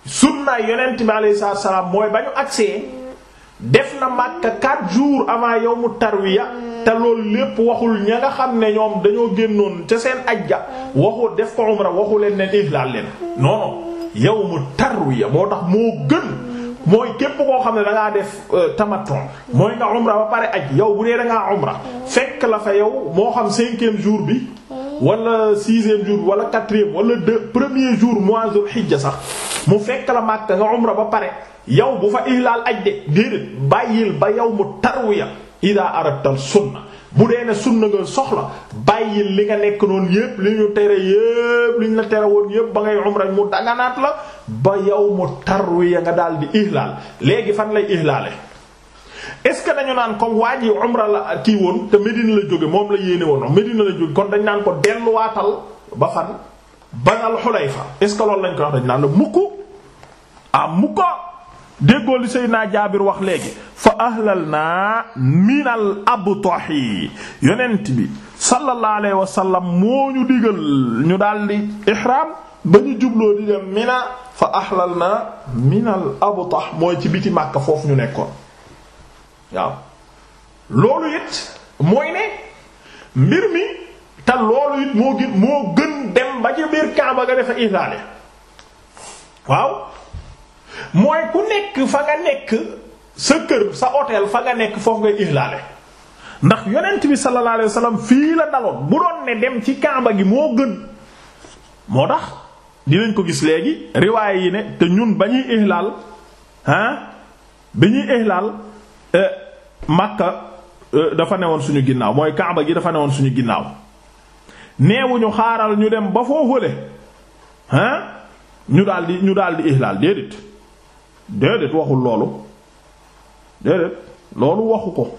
sunna yonent bi alayhi mooy ba ñu agsee def na Makka quatre jours avant yawmu tarwiya te loolu lépp waxul ña nga xam ne ñoom dañoo génnoon ca seen ajja waxu def ko umra waxu leen ne ihlaal leen non non yawmu tarwiya moo tax moo gën mooy képp koo xam ne da def euh, tamattu mooy nga umra ba pare aj yow bu dee da ngaa umra fekk la fa yow moo xam cinquième jour bi wala sixième jour wala quatrième wala deux premier jour mois Zul Hijja sax mu fekk la Makka nga umra ba pare yow bu fa ihlaal aj de déedéet bàyyil ba yow mu tarwiya idaa aratal sunna bu dee ne sunna nga soxla bàyyi li nga nekk noonu yépp li ñu tere yépp li ñu la tere woon yépp ba ngay umra mu daganaat la ba yow mu tarwiya nga daal di ihlaal léegi fan lay ihlaale est-ce que dañu naan comme waa ji umra la kii woon te Medina la jóge moom la yéene woon Medina la jóge kon dañu naan ko delluwaatal ba fan banal Xulayfa est-ce que lañ koy wax dañ naan la mukk ah mukka déggoo li Seydina Jaabir wax léegi fa ahlal naa minal abtahi yonent bi sallallahu alayhi wa sallam moo ñu digal ñu daldi ihram ba ñu jubloo di dem mina fa ahlal naa minal abtah mooy ci biti Makka foofu ñu nekkoon waaw loolu it mooy ne mbir mi te loolu it moo gën moo gën dem ba ci biir Kaaba nga defa isaale waaw mooy ku nekk fa nga nekk sa kër sa hôtel fa nga nekk foofu ngay ihlaale ndax yonent bi sallallahu alayhi fii la daloon bu doon ne dem ci kaaba gi moo gën moo tax dinañ ko gis léegi riwaay yi ne te ñun ba ñuy ihlaal ah bi ñuy ihlaal eh, Makka eh, dafa newoon suñu ginnaaw mooy kaaba gi dafa newoon suñu ginnaaw neewuñu xaaral ñu dem ba foofule ah ñu daal di ñu daal di ihlaal déedéet déedéet waxul loolu déedéet loolu waxu ko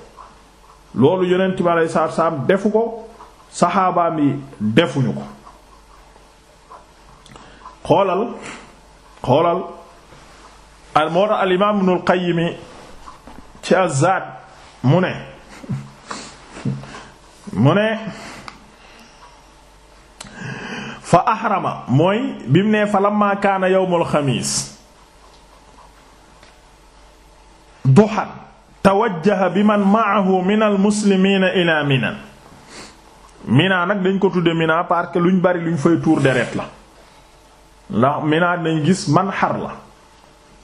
loolu yonent bi aleyhi salaatu salaam defu ko saxaabaam yi defuñu ko xoolal xoolal al moo tax al imaam Ibnul Qayyim ci azad mu ne mu ne fa ahrama mooy bi mu ne fa lamma kaana yawmul xamiis duhat tawajjaha bi man maahu min al muslimiina ila mina mina nag dañ ko tuddee mina parce que luñ bari luñ fay tuur deret la ndax mina nañ gis man xar la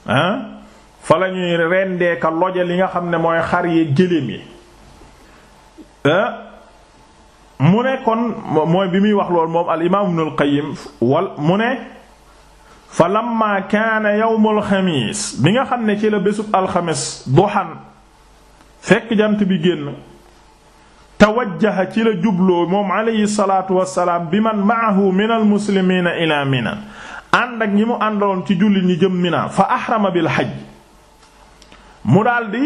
ah fa la ñuy rendeeka loje li nga xam ne mooy xar yi gëléem yi mu ne kon mooy bi muy wax loolu moom al imaam ibnul qayyim wal mu ne fa lamma kaana yawmul xamiis bi nga xam ne ci la bésub alxames duhan fekk jant bi génn tawajjaha ci la jubloo moom alayhi salaatu wassalaam bi man maahu min almuslimiina ila mina ànd ak ñi mu àndaloon ci jullit ñi jëm mina fa ahrama bil hajj mu daldi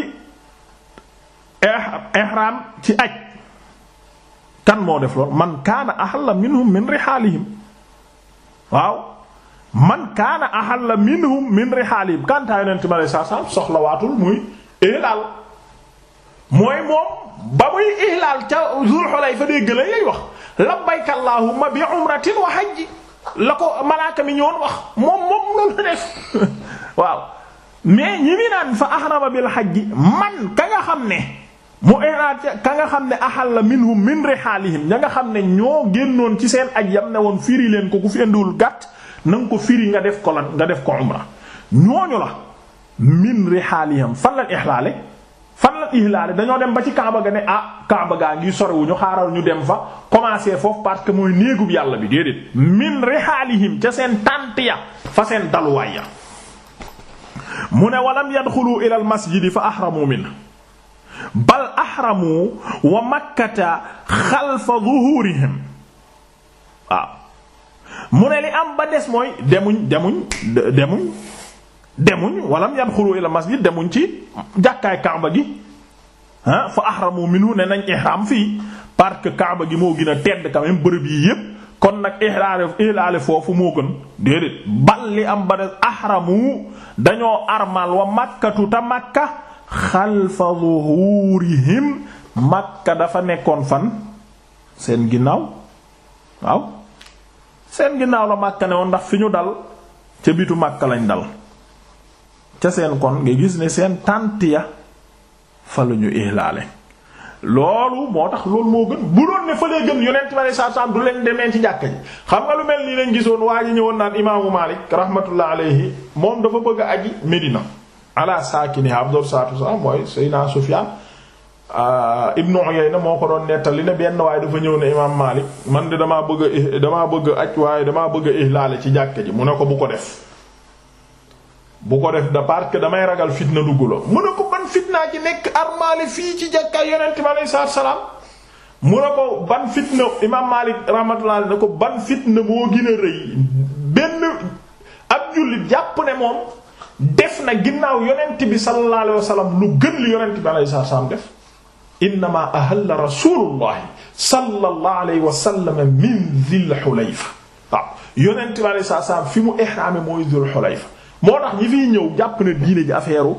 ihraam ci aj kan moo def lool man kaana ahalla minhum min rihaalihim waaw man kaana ahalla minhum min rihaalihim kantaa yonent bi alayhi salaam soxlawaatul muy ihlaal mooy moom ba muy ihlaal ca Zul Hulayfa dégg la yay wax labbayka allahumma bi umratin wa hajji la ko malaaka mi ñoon wax moom moom loolu la def *laughs* waaw mais ñi mi naan fa ahrama bil man ka nga xam ne mu ihlaal ca ka nga xam ne ahalla minhum min rihaalihim ña nga xam ne ñoo génnoon ci seen aj yam ne woon firi leen ko ku fi indiwul gàtt na nga ko firi nga def ko lan nga def ko umra ñooñu la min rihaaliham fan la ihlaale fan la ihlaale dañoo dem ba ci Kaaba ga ne ah Kaaba gaa ngi sorewuñu xaaral ñu dem fa commencer foofu parce que mooy néegub yàlla bi déedéet min rihaalihim ca seen tànt ya fa seen daluwaay ya mu ne walam yadxulu ila al masjidi fa ahramu min bal ahramu wa makkata xalfa zuhurihim waaw mu ne li am ba des mooy demuñ demuñ demuñ demuñ walam yadxulu ila masjid demuñ ci jàkkaay kaaba gi ah fa ahramu minhu ne nañ ihram fii parce que gi moo gën a tedd quand bërëb yi yépp kon nag ihlaale ihlaale foofu moo gën déedéet bal li am ba des ahramu dañoo armal wa makkatu ta makka xalfa zuhurihim makka dafa nekkoon fan seen ginnaaw waaw seen ginnaaw la Makka ne woon ndax fi ñu dal ca bitu Makka lañ dal ca seen kon nga gis ni seen tànt ya fa la ñu loolu moo tax loolu moo gën bu doon ne fa lay gën yonent ma ne saab du leen demee ci jàkka ji xam nga lu mel nii lañ gisoon waa ji ñëwoon naan imaamu Maalik rahmatullah alayhi moom dafa bëgg a aji Medina ala saakini abdor saatu sa mooy Seydina Sufyaan Ah, Ibnu na moo ko doon nettali ne benn waaye dafa ñëw ne imaam Maalik man de damaa bëgg a damaa bëgg a aj waaye damaa bëgg a ihlaale ci jàkke ji mu ne ko bu ko def bu ko def da parce damay ragal fitna dugg la mu ne ko ban fitnaa ci nekk armaale fii ci jàkkaay yonent bi aleyhi salaatu salaam mu ne ko ban fitna imaam Maalik rahmatullah ne ko ban fitna moo gën a rëy benn ab jullit jàpp ne moom def na ginnaaw yonent bi sallallahu alayhi wa sallam lu gën li yonent bi aleyhi salaam def. innama ahalla rasulullahi sallallahu alayhi wa sallam min Dhil Hulayfa waaw yonent bi alayhi salaam fi mu ihraame mooy Dhil Hulayfa moo tax ñi fiy ñëw jàpp na diine ji affaire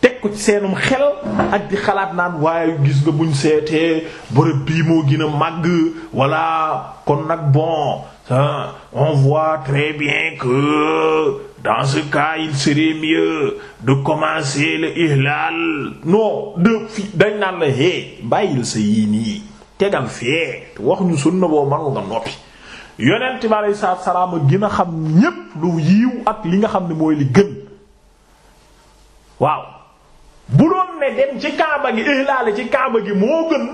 teg ko ci seenum xel ak di xalaat naan waaye gis nga buñ seetee bërëb bii moo gën a màgg voilà kon nag bon on voit très bien que. dans ce cas il serait mieux de commencer le ihlal non de fi dañ naan la hé bàyyil sa yii nii tegal fee wax ñu sunna boo manu nga noppi yonent bi aleyhi salaam a gin a xam ñépp lu yiiw ak li nga xam ne mooy li gën waaw bu doon ne dem ci kaaba gi ihlaale ci kaaba gi moo gën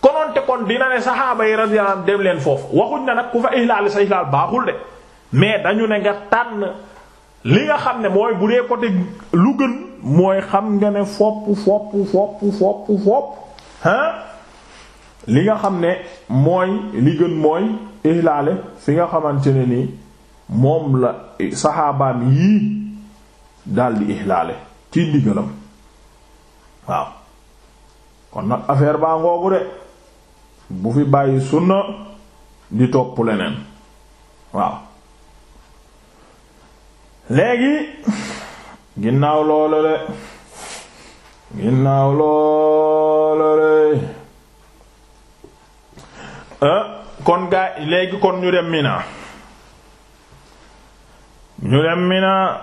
konoonte kon dina ne sa yi radiyallahu anhum dem leen foofu waxuñ na nag ku fa ihlaale sa ihlaal baaxul de mais dañu ne nga tànn li nga xam ne mooy bu dee côté lu gën mooy xam nga ne fopp fopp fopp fopp fopp li nga xam ne mooy li gën mooy ihlaale fi nga xamante ne ni moom la saxaabaan yii daldi ihlaale ci ndigalam waaw kon nag affaire baa ngoogu de bu fi bàyyi sunna di topp leneen waaw léegi ginnaaw loolu le ginnaaw loolu le euh, kon gaa léegi kon ñu dem Mina ñu dem Mina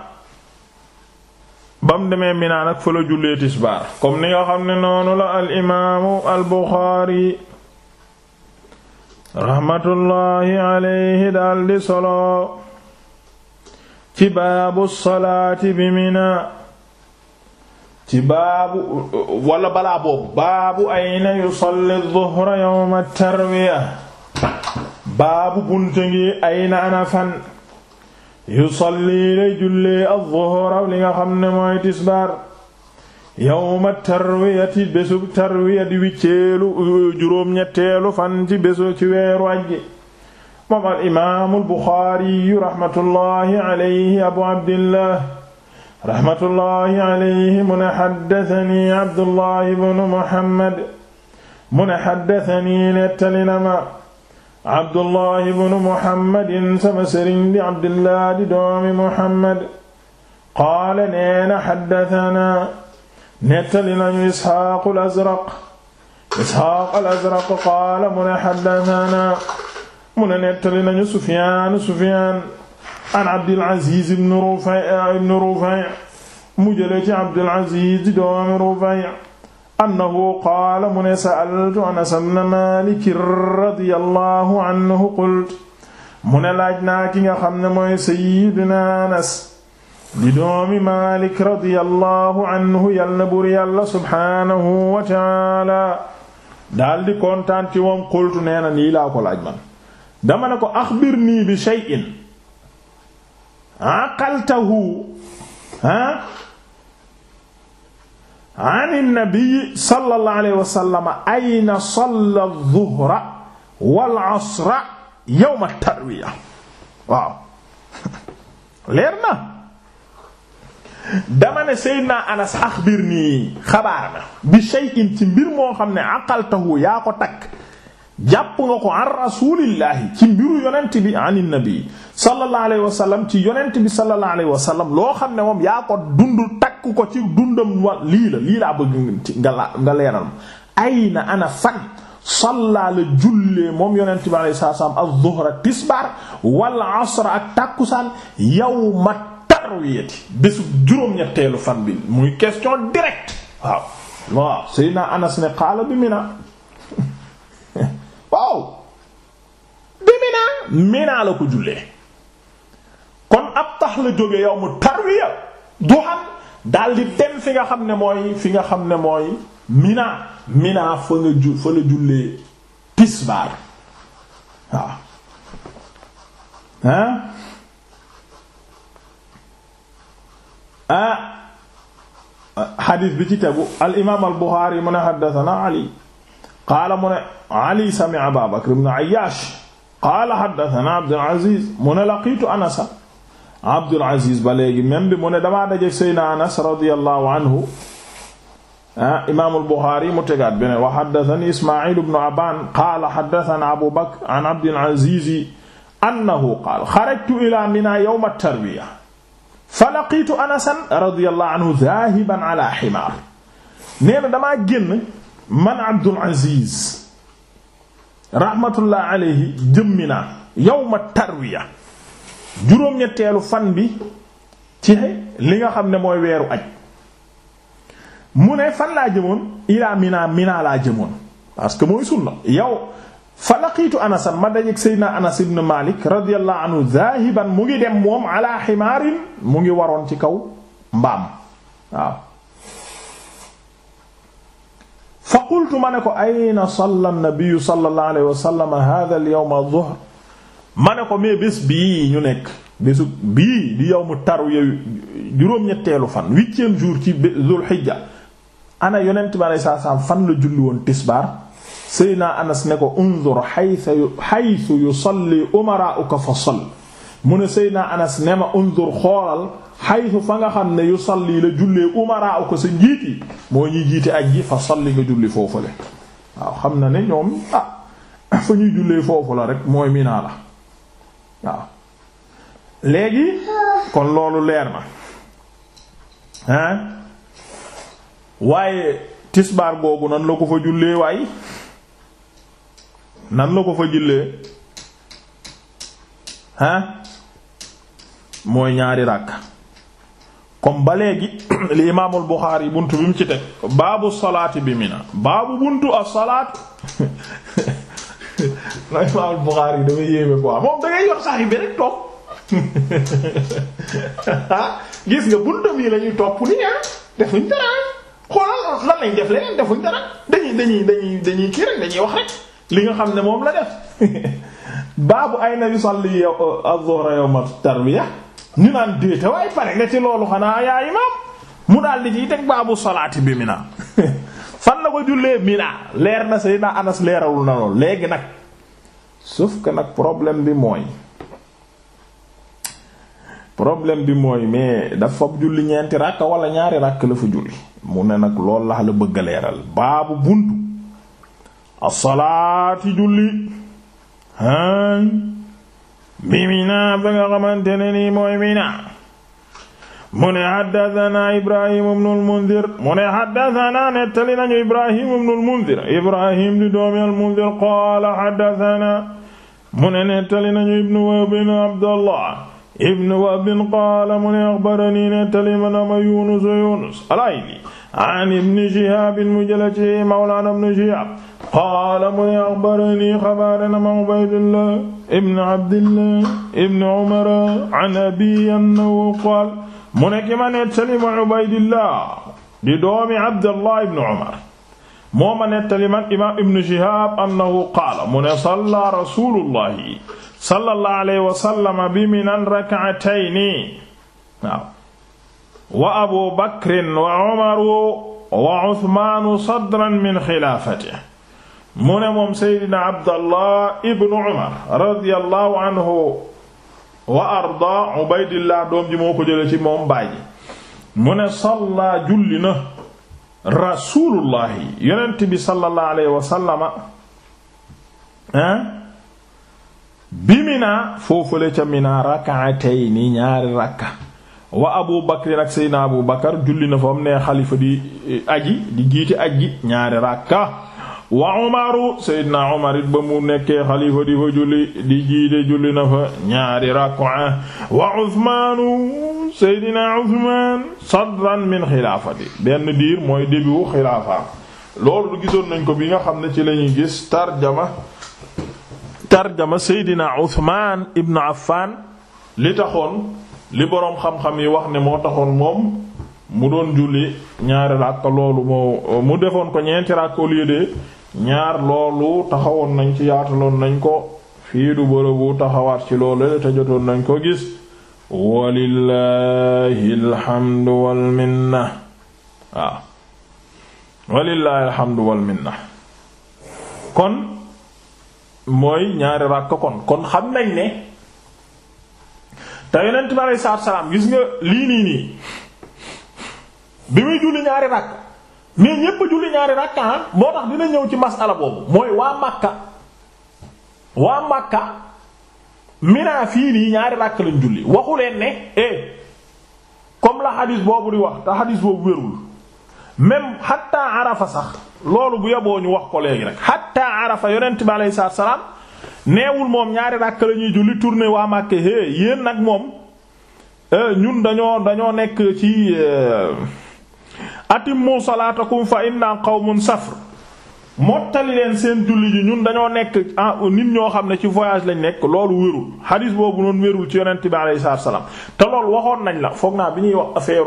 ba mu demee Mina nag fa la jullee tisbaar comme ni nga xam ne noonu la al imaamu al Buxaari raxmatullaahi alayhi daldi solo ci baabu salaati bi Mina ci baabu wala balaa boobu baabu ayna yusalli dhuhra yawma tarwiya baabu bunte ayna ana fan yusalli lay jullee adh-dhuhra li nga xam ne mooy tisbaar yawma tarwiyati bésu tarwiya di wicceelu juróom-ñetteelu fan ci bésu ci weeru ajji moom al imaam al buxaari rahmatullahi alayhi abu abdillah rahmatullahi alayhi mu ne xaddatani abdullahi bnu muhammad mu ne xaddatani nettali na ma abdullahi bnu muhammadin sama sëriñ di abdillah di doomi muhammad qaala neena xaddatana nettali nañu isxaaqu al azraq isxaaq al azraq qaala mu ne xaddatana mu ne nettali nañu Sufyaan Sufyaan an Abdul Aziz ibn Rufay' eh, ibn Rufay' mu jële ci Abdul Aziz Rufay' annahu qaala mu ne sa'altu Anas ibn Maalik radiyallahu anhu qultu mu ne laaj naa ki nga xam ne mooy Sayyidina Anas di doomi Maalik radiyallahu anhu yàlla buur yàlla subhaanahu wa ta'aala daal di kontaan ci moom qultu nee na laa ko laaj dama ne ko axbirnii bi shay'in aqaltahu ha ani nabii sallallahu alayhi wa sallam ayna salla zuhra wal asra yawma tarwiya waaw *laughs* leer na dama ne Seydina Anas axbirnii xabaar na bi shay'in ci mbir moo xam ne aqaltahu yaa ko takk jàpp nga ko an rasulillahi ci mbiru yonent bi anin nabi sallallahu alayhi wa sallam ci yonent bi sallallahu alayhi wa sallam loo xam ne moom yaa ko dund takk ko ci dundam wa lii la lii laa bëgg nga la nga leeral ay na ana fan salla la jullee moom yonent bi alayhi salaam az-zuhra tisbaar wal asra ak tàkkusaan yawma tarwiyati bésu juróom-ñetteelu fan bi muy question directe waaw waaw Seydina Anas ne qaala bi Mina waaw di Mina la ko jullee kon ab tax la jóge yow mu tarwiya duhan daal di dem fi nga xam ne mooy fi nga xam ne mooy Mina Mina fa nga ju fa la jullee tisbaar waaw ah ah xadiis bi ci tegu al imaam al Buxaari xaddasanaa Ali qaala mu ne ali sami Abaa Bakr ibn Ayyaash qaala haddasanaa Abdul Aziz mu ne laqiitu Anasa Abdul Aziz ba léegi même bi mu ne damaa dajeek Seydina Anas radiyallahu anhu ah imaamul Buxaari mu tegaat beneen wa haddasanii Ismaa'iil ibn Abaan qaala haddasanaa Abuu Bakr an Abdul Aziz annahu qaala xarajtu ilaa Minaa yawma tarwiya falaqiitu Anasan radiyallahu anhu zaahiban alaa himaar nee na damaa génn man Abdul Aziz rahmatullah alayhi jëmmi naa yawma tarwiya juróom-ñetteelu fan bi ci li nga xam ne mooy weeru aj mu ne fan laa jëmoon ilaa Mina Mina laa jëmoon parce que mooy sunna yow fa laqiitu anasan ma dajeek seydina anas ibn malik radiyallahu anhu zaahiban mu ngi dem moom ala ximaarin mu ngi waroon ci kaw mbaam waaw fa qultu ma ne ko ayna salla an-nabiyyu sallallahu alayhi wa sallam hadha al-yawm adh-dhuhr ma ne ko mais bés bii ñu nekk bésu bii di yawmu tarwiya juróom-ñetteelu fan huitième jour ci Dhul Hijja ana yonent bi alayhi salaam fan la julli woon tisbaar Seydina Anas ne ko unzur haythu yusalli umara'uka fa salli mu ne Seydina Anas ne ma unzur xoolal xaytu fa nga xam ne yu salli la jullee umaraa ko sa njiit yi moo ñuy jiite aj ji fa salli nga julli foofule waaw xam na ne ñoom ah *laughs* fa ñuy jullee foofu la rek mooy minaa la waaw léegi kon loolu leer na hein waaye tisbaar googu nan la ko fa jullee waaye nan la ko fa jullee hein mooy ñaari ràkk comme ba léegi *clears throat* li imaamul Buxaari buntu bi mu ci teg baabu salaati bi Mina baabu buntu ak salaat la *laughs* imaamul Buxaari bi rek toog *laughs* ah buntu bi la ñuy topp ni ah defuñ dara xoolal lan lañ def leneen defuñ dara dañuy dañuy dañuy dañuy dañuy wax nga xam ne moom la def *laughs* baabu ayna yusalli adh-dhuhra yawma tarwiya ñu naan déete waaye pare nga ci loolu xanaa yaa imaam mu daal di ciy teg baabu salaati bi Mina *laughs* fan la ko jullee Mina leer na say na Anas leerawul na lool léegi nag suuf que nag problème bi mooy problème bi mooy mais dafa julli ñeenti ràkk wala ñaari ràkk la fa julli mu ne nag lool la la bëgg a leeral baabu buntu asalaati julli han bi Mina ba nga xamante ne nii mooy Mina mu ne haddathana Ibrahim ibn al-Mundhir mu ne haddathana nettali nañu Ibrahim ibn al-Mundhir Ibrahim di doomi al-Mundhir qaala haddathana mu ne nettali nañu ibn Wahb ibn Abdullah ibn Wahb qaala mu ne akhbarani nettali ma Yunus Yunus al-Ayli an ibni Shihaab mu jëla ci mawlaana ibnu Shihaab qaala mu ne axbarani xabaarana ma Ubaydullah ibn Abdillah ibn Umar an abiihi annahu qaala mu ne ki ma nettali ma Ubaydullah di doomi Abdallah ibn Umar moo ma nettali man imaam ibn Shihaab annahu qaala mu ne salla rasuulullahi sallallahu alayhi wa sallam bi Minan rak'atayni waaw wa abu bakrin wa umaru wa usmaanu sadran min xilaafati mu ne moom seydina abdallah ibnu umar radiyallahu anhu wa arda ubaydillah doom ji moo ko jële ci moom bàyyi mu ne salla julli na rasulullahi yonent bi sallallahu alayhi wa sallama bi mina foofule ca mina rakaatayni ñaari rakka wa abu bakrin ak seydna abu bakar julli na fa mu ne xalifa di eh, aji di jiite aji ñaari ràkka wa umaru seydna umar ba mu nekkee xalifa di fa julli di jiite julli na fa ñaari ràkka wa uthmaanu seydna uthmaan sadran min xilaafati benn diir mooy débutu xilaafa loolu gisoon nañ ko bi nga xam ne ci lañuy gis tarjama tarjama seydna uthmaan ibn affan li taxoon li boroom xam-xam yi wax ne moo taxoon moom mu doon julli ñaare ràkk loolu moo mu defoon ko ñeenti ràkk au ñaar loolu taxawoon nañ ci yaataloon nañ ko fii du bërëbu taxawaat ci loolu te jotoon nañ ko gis walillahi alhamdu wal minna waaw walillahi alhamdu wal minna kon mooy ñaari ràkk kon kon xam nañ ne te yonent bi aleyhi salaatu wa salaam gis nga lii nii nii bi muy julli ñaari rakk mais ñépp julli ñaari rakk ah moo tax dina ñëw ci masala boobu mooy waa Makka waa Makka Mina fii nii ñaari rakk lañ julli waxu leen ne eh comme la hadith boobu di wax te hadith boobu wérul même hatta Arafa sax loolu bu yaboo ñu wax ko léegi rek hatta Arafa yonent bi aleyhi salaam neewul moom ñaari ràkk lañuy ñuy julli tourné waa Màkke hé yéen nag moom ñun dañoo dañoo nekk ci atimmu salaatakum fa inna qawmun safr mottali leen seen julli ji ñun dañoo nekk ah, nit ñoo xam ne ci voyage lañ nekk loolu wérul xadiis boobu noonu wérul ci yonent bi alayhi salaam te lool waxoon nañ la foog naa bi ñuy wax affaire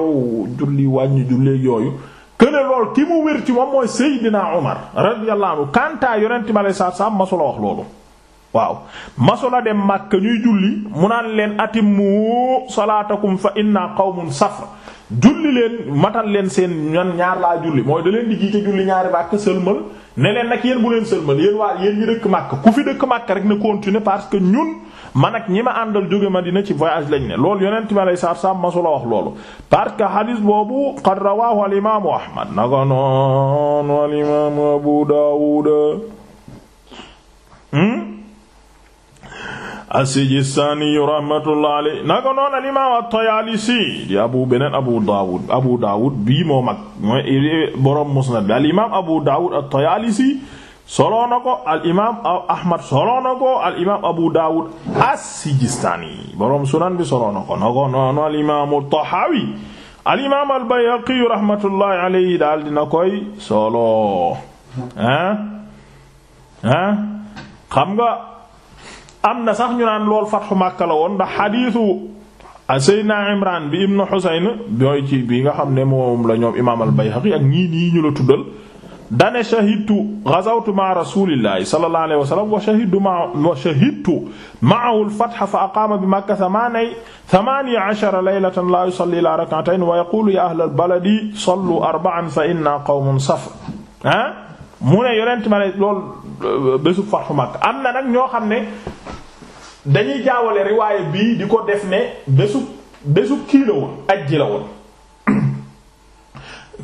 julli wàññi julleeg yooyu këne lool ki mu wér ci moom mooy Seydina Omar radiyallahu anhu kantaa yonent bi alayhi salaam masula wax loolu waaw la dem Makka ñuy julli mu naan leen mu salaatakum fa inna qawmun safar julli leen matal leen seen ñan ñaar laa julli mooy da leen di jiite julli ñaari bàkk sëlmal ne leen nag yéen bu leen sëlmal yéen waa yéen ñi dëkk Makka ku fi dëkk Makka rek ne continuer parce que ñun man ak ñi ma àndal jóge Madina ci voyage lañ ne loolu yonent lay alayhi salaatu salaam masula wax loolu parce que hadis boobu qad rawahu al imaamu Ahmad a noonu al imaamu Abu Daawuda hmm? as-Sijistaani rahmatullahi alayhi naka noonu al imaam at-Tayaalisi di abu beneen abu Daawud abu Daawud bii moo mag mooy borom musnad bi al imaam abu Daawud at-Tayaalisi solo na ko al imaam Ahmad solo na ko al imaam abu Daawud as-Sijistaani borom sunan bi solo na ko naka noonu al imaam at-Tahaawi al imaam al-Bayhaqi rahmatullahi alayhi daal dina koy solo ah ah xam nga. am na sax ñu naan lool fatxu Makka la woon ndax xadiisu Seydina Imran bi Ibn Husayn yooyu ci bi nga xam ne moom la ñoom imaam al-Bayhaqi ak ñii nii ñu la tuddal dane shahidtu ghazawtu ma rasulillahi sallallahu alayhi wa sallam wa shahidtu ma wa shahidtu ma'ahu al-fatha fa aqama bi makka thamaaniya ashara laylatan la yusalli illa rak'atayn wa yaqulu ya ahla al-baladi sallu arba'an fa inna qawmun safar ah mu ne yonent ma lool Euh, besu fatxu Makka am na nag ñoo xam ne dañuy jaawale riwaaye bii di ko def ne besu besu kii la woon aj ji la woon *coughs*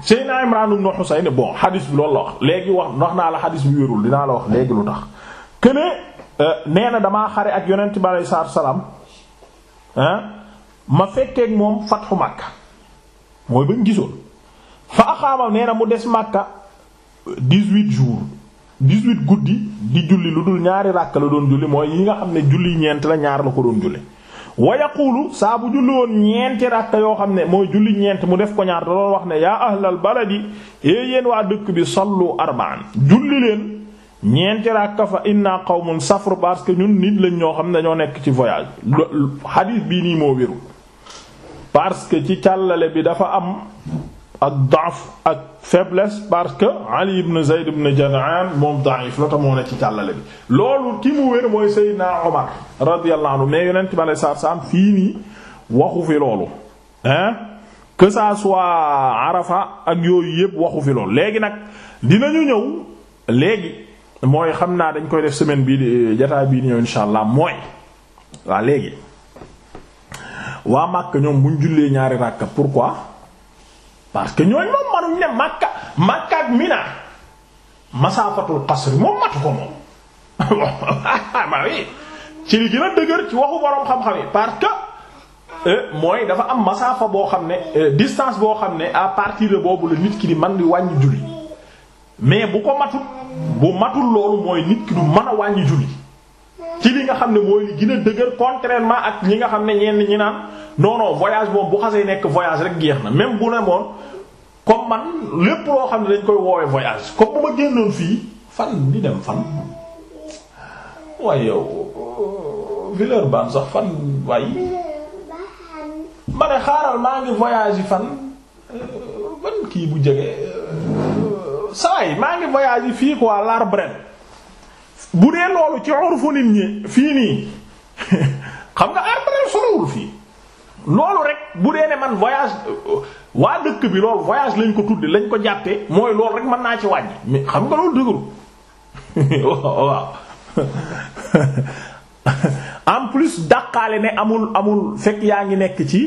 Seydina Imraan ibn Husayn bon xadis bi loolu la wax léegi wax ndox naa la xadis bi wérul dinaa la wax léegi lu tax këne euh, nee na damaa xare ak yonent bi aleyhi ma fekkeek moom fatxu Makka mooy ba ñu gisoon fa axaama nee na mu des Makka dix-huit jours dix-huit guddi di julli lu dul ñaari ràkk la doon julli mooy yi nga xam ne julli ñeent la ñaar la ko doon julli wa saabu saa bu julli woon ñeenti ràkk yoo xam ne mooy julli ñeent mu def ko ñaar da doon wax ne yaa ahlal baladi ee eh, yéen waa dëkk bi sallu arba'an julli leen ñeenti ràkk fa inna qawmun safru parce que ñun nit lañ ñoo xam ne dañoo nekk ci voyage xadiis bii nii moo wéru parce ci càllale bi dafa am ak daaf ak faiblesse parce que Ali ibn Zayd ibn Jad'an moom daif la te moo ne ci càllale bi loolu ki mu wér mooy Seydina Omar radiyallahu anhu mais yonent ma alei satu salaam fii nii waxu fi loolu hein que ça soit Arafa ak yooyu yépp waxu fi loolu léegi nag dinañu ñëw léegi mooy xam naa dañ koy def semaine bii di jataa bii di ñëw insha allah mooy waa léegi waa Makka ñoom buñ jullee ñaari ràkka pourquoi parce que ñooñ moom manuñ ne Makka Makka ak Mina masaafatul qasri moom matu ko moom *laughs* ma wi ci li gën a dëgër ci waxu boroom xam-xam yi parce que euh, mooy dafa am masaafa boo xam ne euh, distance boo xam ne à partir boobu la nit ki di man di wàññi julli mais bu ko matul bu matul loolu mooy nit ki du mën a wàññi julli ci li nga xam ne mooy li gën a dëgër contrairement ak ñi nga xam ne ñenn ñi naan non non voyage moom bu xasee nekk voyage rek jeex na même bu ne moom comme man lépp loo xam ne dañ koy woowee voyage comme bu ma génnoon fii fan di dem fan. waaye yow euh, Villeurbanne sax fan waaye ma xaaral maa ngi voyage fan euh, ban kii bu jege euh, saa yi maa ngi voyage fii quoi Larbren. bu dee loolu ci urfu nit ñi fii nii *laughs* xam nga arbare solowul fii loolu rek bu dee ne man voyage euh, waa dëkk bi loolu voyage lañ ko tudde lañ ko jàppee mooy loolu rek mën naa ci wàññi mais xam nga loolu dëgëru *laughs* waaw *laughs* en plus dàqaale ne amul amul fekk yaa ngi nekk ci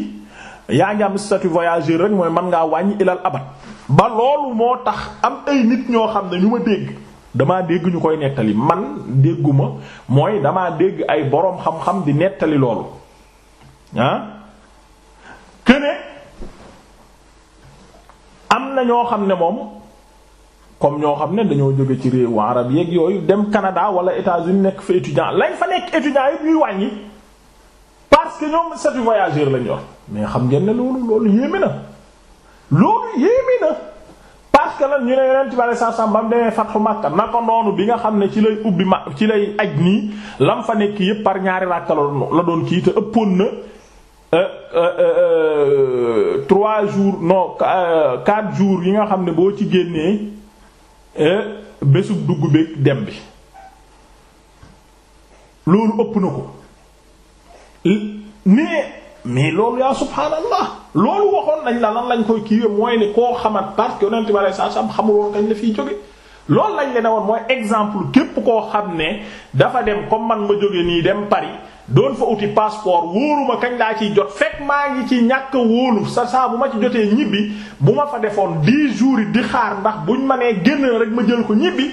yaa ngi am statut voyageur rek mooy mën ngaa wàññi ilal abat ba loolu moo tax am ay nit ñoo xam ne ñu ma dégg damaa dégg ñu koy nettali man dégguma mooy damaa dégg ay boroom xam-xam di nettali loolu ah këne am na ñoo xam ne moom comme ñoo xam ne dañoo jóge ci réewu arab yéeg yooyu dem Canada wala États-Unis nekk fa étudiant lañ fa nekk étudiant yi ñuy wàññi parce que ñoom statut voyageur lañ yor mais xam ngeen ne loolu loolu yéeme na loolu yéeme na parce que lan ñu ne yonent bi alayhi salaam ba mu demee noonu bi nga xam ne ci lay ubbi ma ci lay aj nii lam fa nekk yépp par ñaari ràkka la doon kii te ëppoon na euh, euh, euh, trois jours non quatre jours yi nga xam ne boo ci génnee bésu dugg beeg dem bi loolu ëpp na ko mais mais loolu yaa subhaanallah loolu waxoon nañ la lan lañ koy kiiwee mooy ne koo xamat parce que yonent bi alayhi salaam xamul woon kañ la fiy jóge loolu lañ leen a woon mooy exemple képp koo xam ne dafa dem comme man ma jóge nii dem Paris doon fa uti passeport wóoruma kañ laa ciy jot fekk maa ngi ci ñàkk wóolu sa saa bu ma ci jotee ñibbi bu ma fa defoon 10 jours yi di xaar ndax buñ ma nee génn rek ma jël ko ñibbi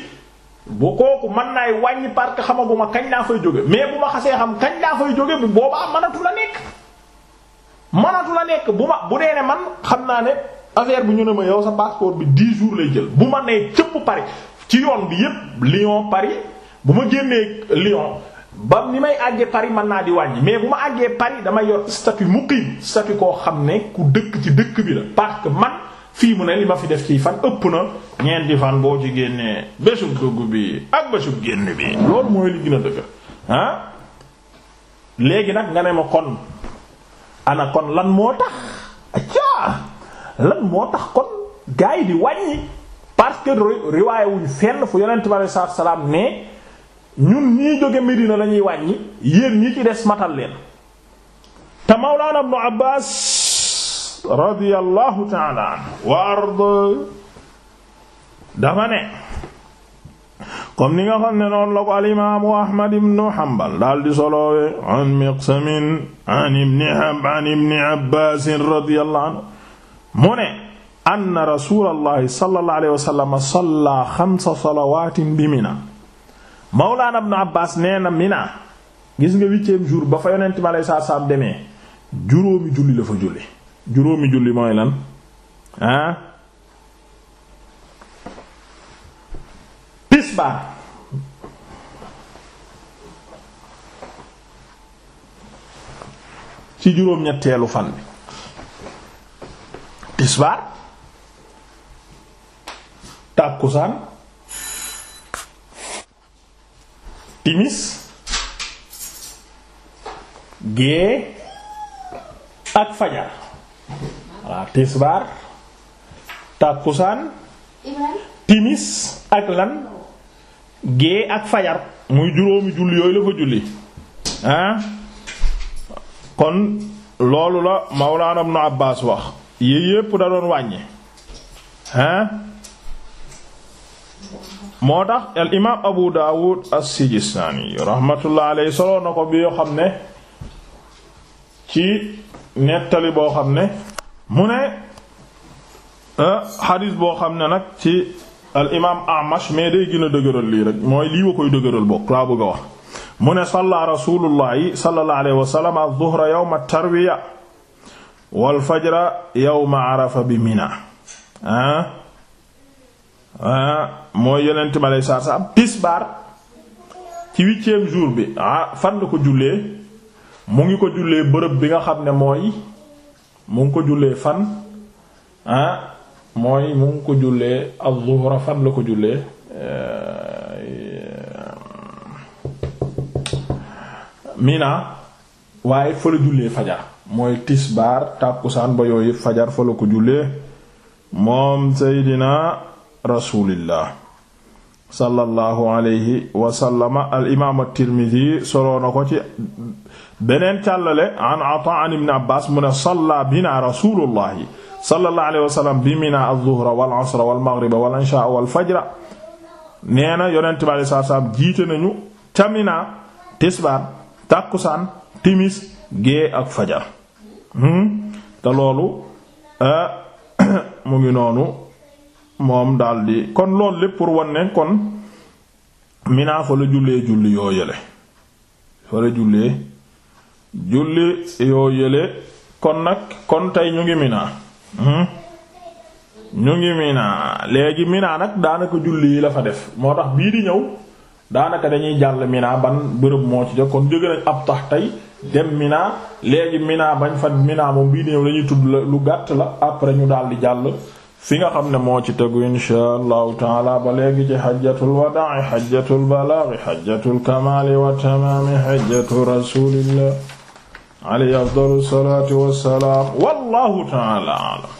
bu kooku mën naay wàññi parce que xamaguma kañ laa fay jóge mais bu ma xasee xam kañ laa fay jóge bu boobaa manatu la nekk manatu la nekk bu ma bu dee ne man xam naa ne affaire bu ñu ne ma yow sa passeport bi 10 jours lay jël bu ma nee cëpp Paris ci yoon bi yépp Lyon Paris bu ma génnee lion ba ni may àggee Paris man naa di wàññi mais bu ma àggee Paris damay yor statut muqim statut koo xam ne ku dëkk ci dëkk bi la parce que man fii mu ne li ma fi def ci fan ëpp na ñeenti fan boo ci génnee bésub dugg bi ak bésub génn bi loolu mooy li gën a ah? léegi nag nga ne ma kon ana kon lan moo tax acca lan moo tax kon gars di wàññi parce que riwaayé wuñ fenn fu yonent bi alei salaatu salaam ne ñun ñii jóge Medina lañuy ñuy wàññi yéen ñi ci des matal leen te Mawlaana Ibnu Abbaas radiyallahu ta'ala anhu wa dafa ne comme ni nga xam ne noonu la ko al imaamu ahmad ibnu hanbal daal di soloowe an miqsamin an ibni an ibni abbaasin radiyallahu mu ne anna rasuulallahi sallallahu alayhi wa bi mina mawlaana ibnu abbaas nee mina gis nga huitième jour ba fa yonent mi alayhi salaam demee juróomi julli la fa julli juróomi julli mooy lan ah tisbaar ci juróom-ñetteelu fan bi tisbaar tàkkusaan timis gée ak fajar waa tisbaar tàkkusaan timis ak lan gée ak fajar muy juróomi julli yooyu la fa julli kon loolu la Mawlaana Ibnu Abbaas wax yii yépp da doon wàññi hein moo tax al imaam Abu Daawud as-Sijistaani rahmatullah alayhi soloo na ko bi yoo xam ne ci nettali boo xam ne mu ne euh, xadiis boo xam ne nag ci al imaam Amash mais day gën a dëgëral lii rek mooy lii wa koy dëgëral bokk laa bëgg a wax mu ne salla rasulullahi sallallahu alayhi wa sallam az-zuhra yawma tarwiya wal fajra yow ma arafa bi mina ah ah mooy yonent ma lay saar saam tisbaar ci huitième jour bi ah fan la ko jullee mu ngi ko jullee bërëb bi nga xam ne mooy mu ngi ko jullee fan ah? mooy mu ngi ko jullee az fan la ko jullee eh, Mina waaye fa la jullee fajar mooy tisbaar tàkkusaan ba yooyu fajar fa la ko jullee moom seydina rasulillah sallallahu ko ci beneen càllale mu ne salla bina rasulullahi sallallahu alayhi wasallam bi mina az-zuhra wal asra wal maghriba wal ishaa wal fajra bi sallallahu alayhi jiite nañu ca Mina tisbaar tàkkusaan timis gée ak fajar hmm? te loolu eh, *coughs* mu ngi noonu moom daldi kon loolu lépp pour wanne kon Mina fa la jullee julli yoo yële fa la jullee julli yoo yële kon nag kon tey ñu ngi Mina hmm? ñu ngi Mina léegi Mina nag daanaka julli yi la fa def moo tax bii di ñëw daanaka dañuy jàll Mina ban bërëb moo ci jox kon jóge nañ ab tax tey dem Mina léegi Mina bañ fa Mina moom bii néew lañuy tudd lu gàtt la après ñu daal di jàll fi nga xam ne moo ci tegu insha allahu taala ba léegi ci xajjatul wadaa xajjatul balaagi xajjatul kamaali wa tamaami xajjatu rasulillah alayhi afdalu salaatu wassalaam wallahu taala alam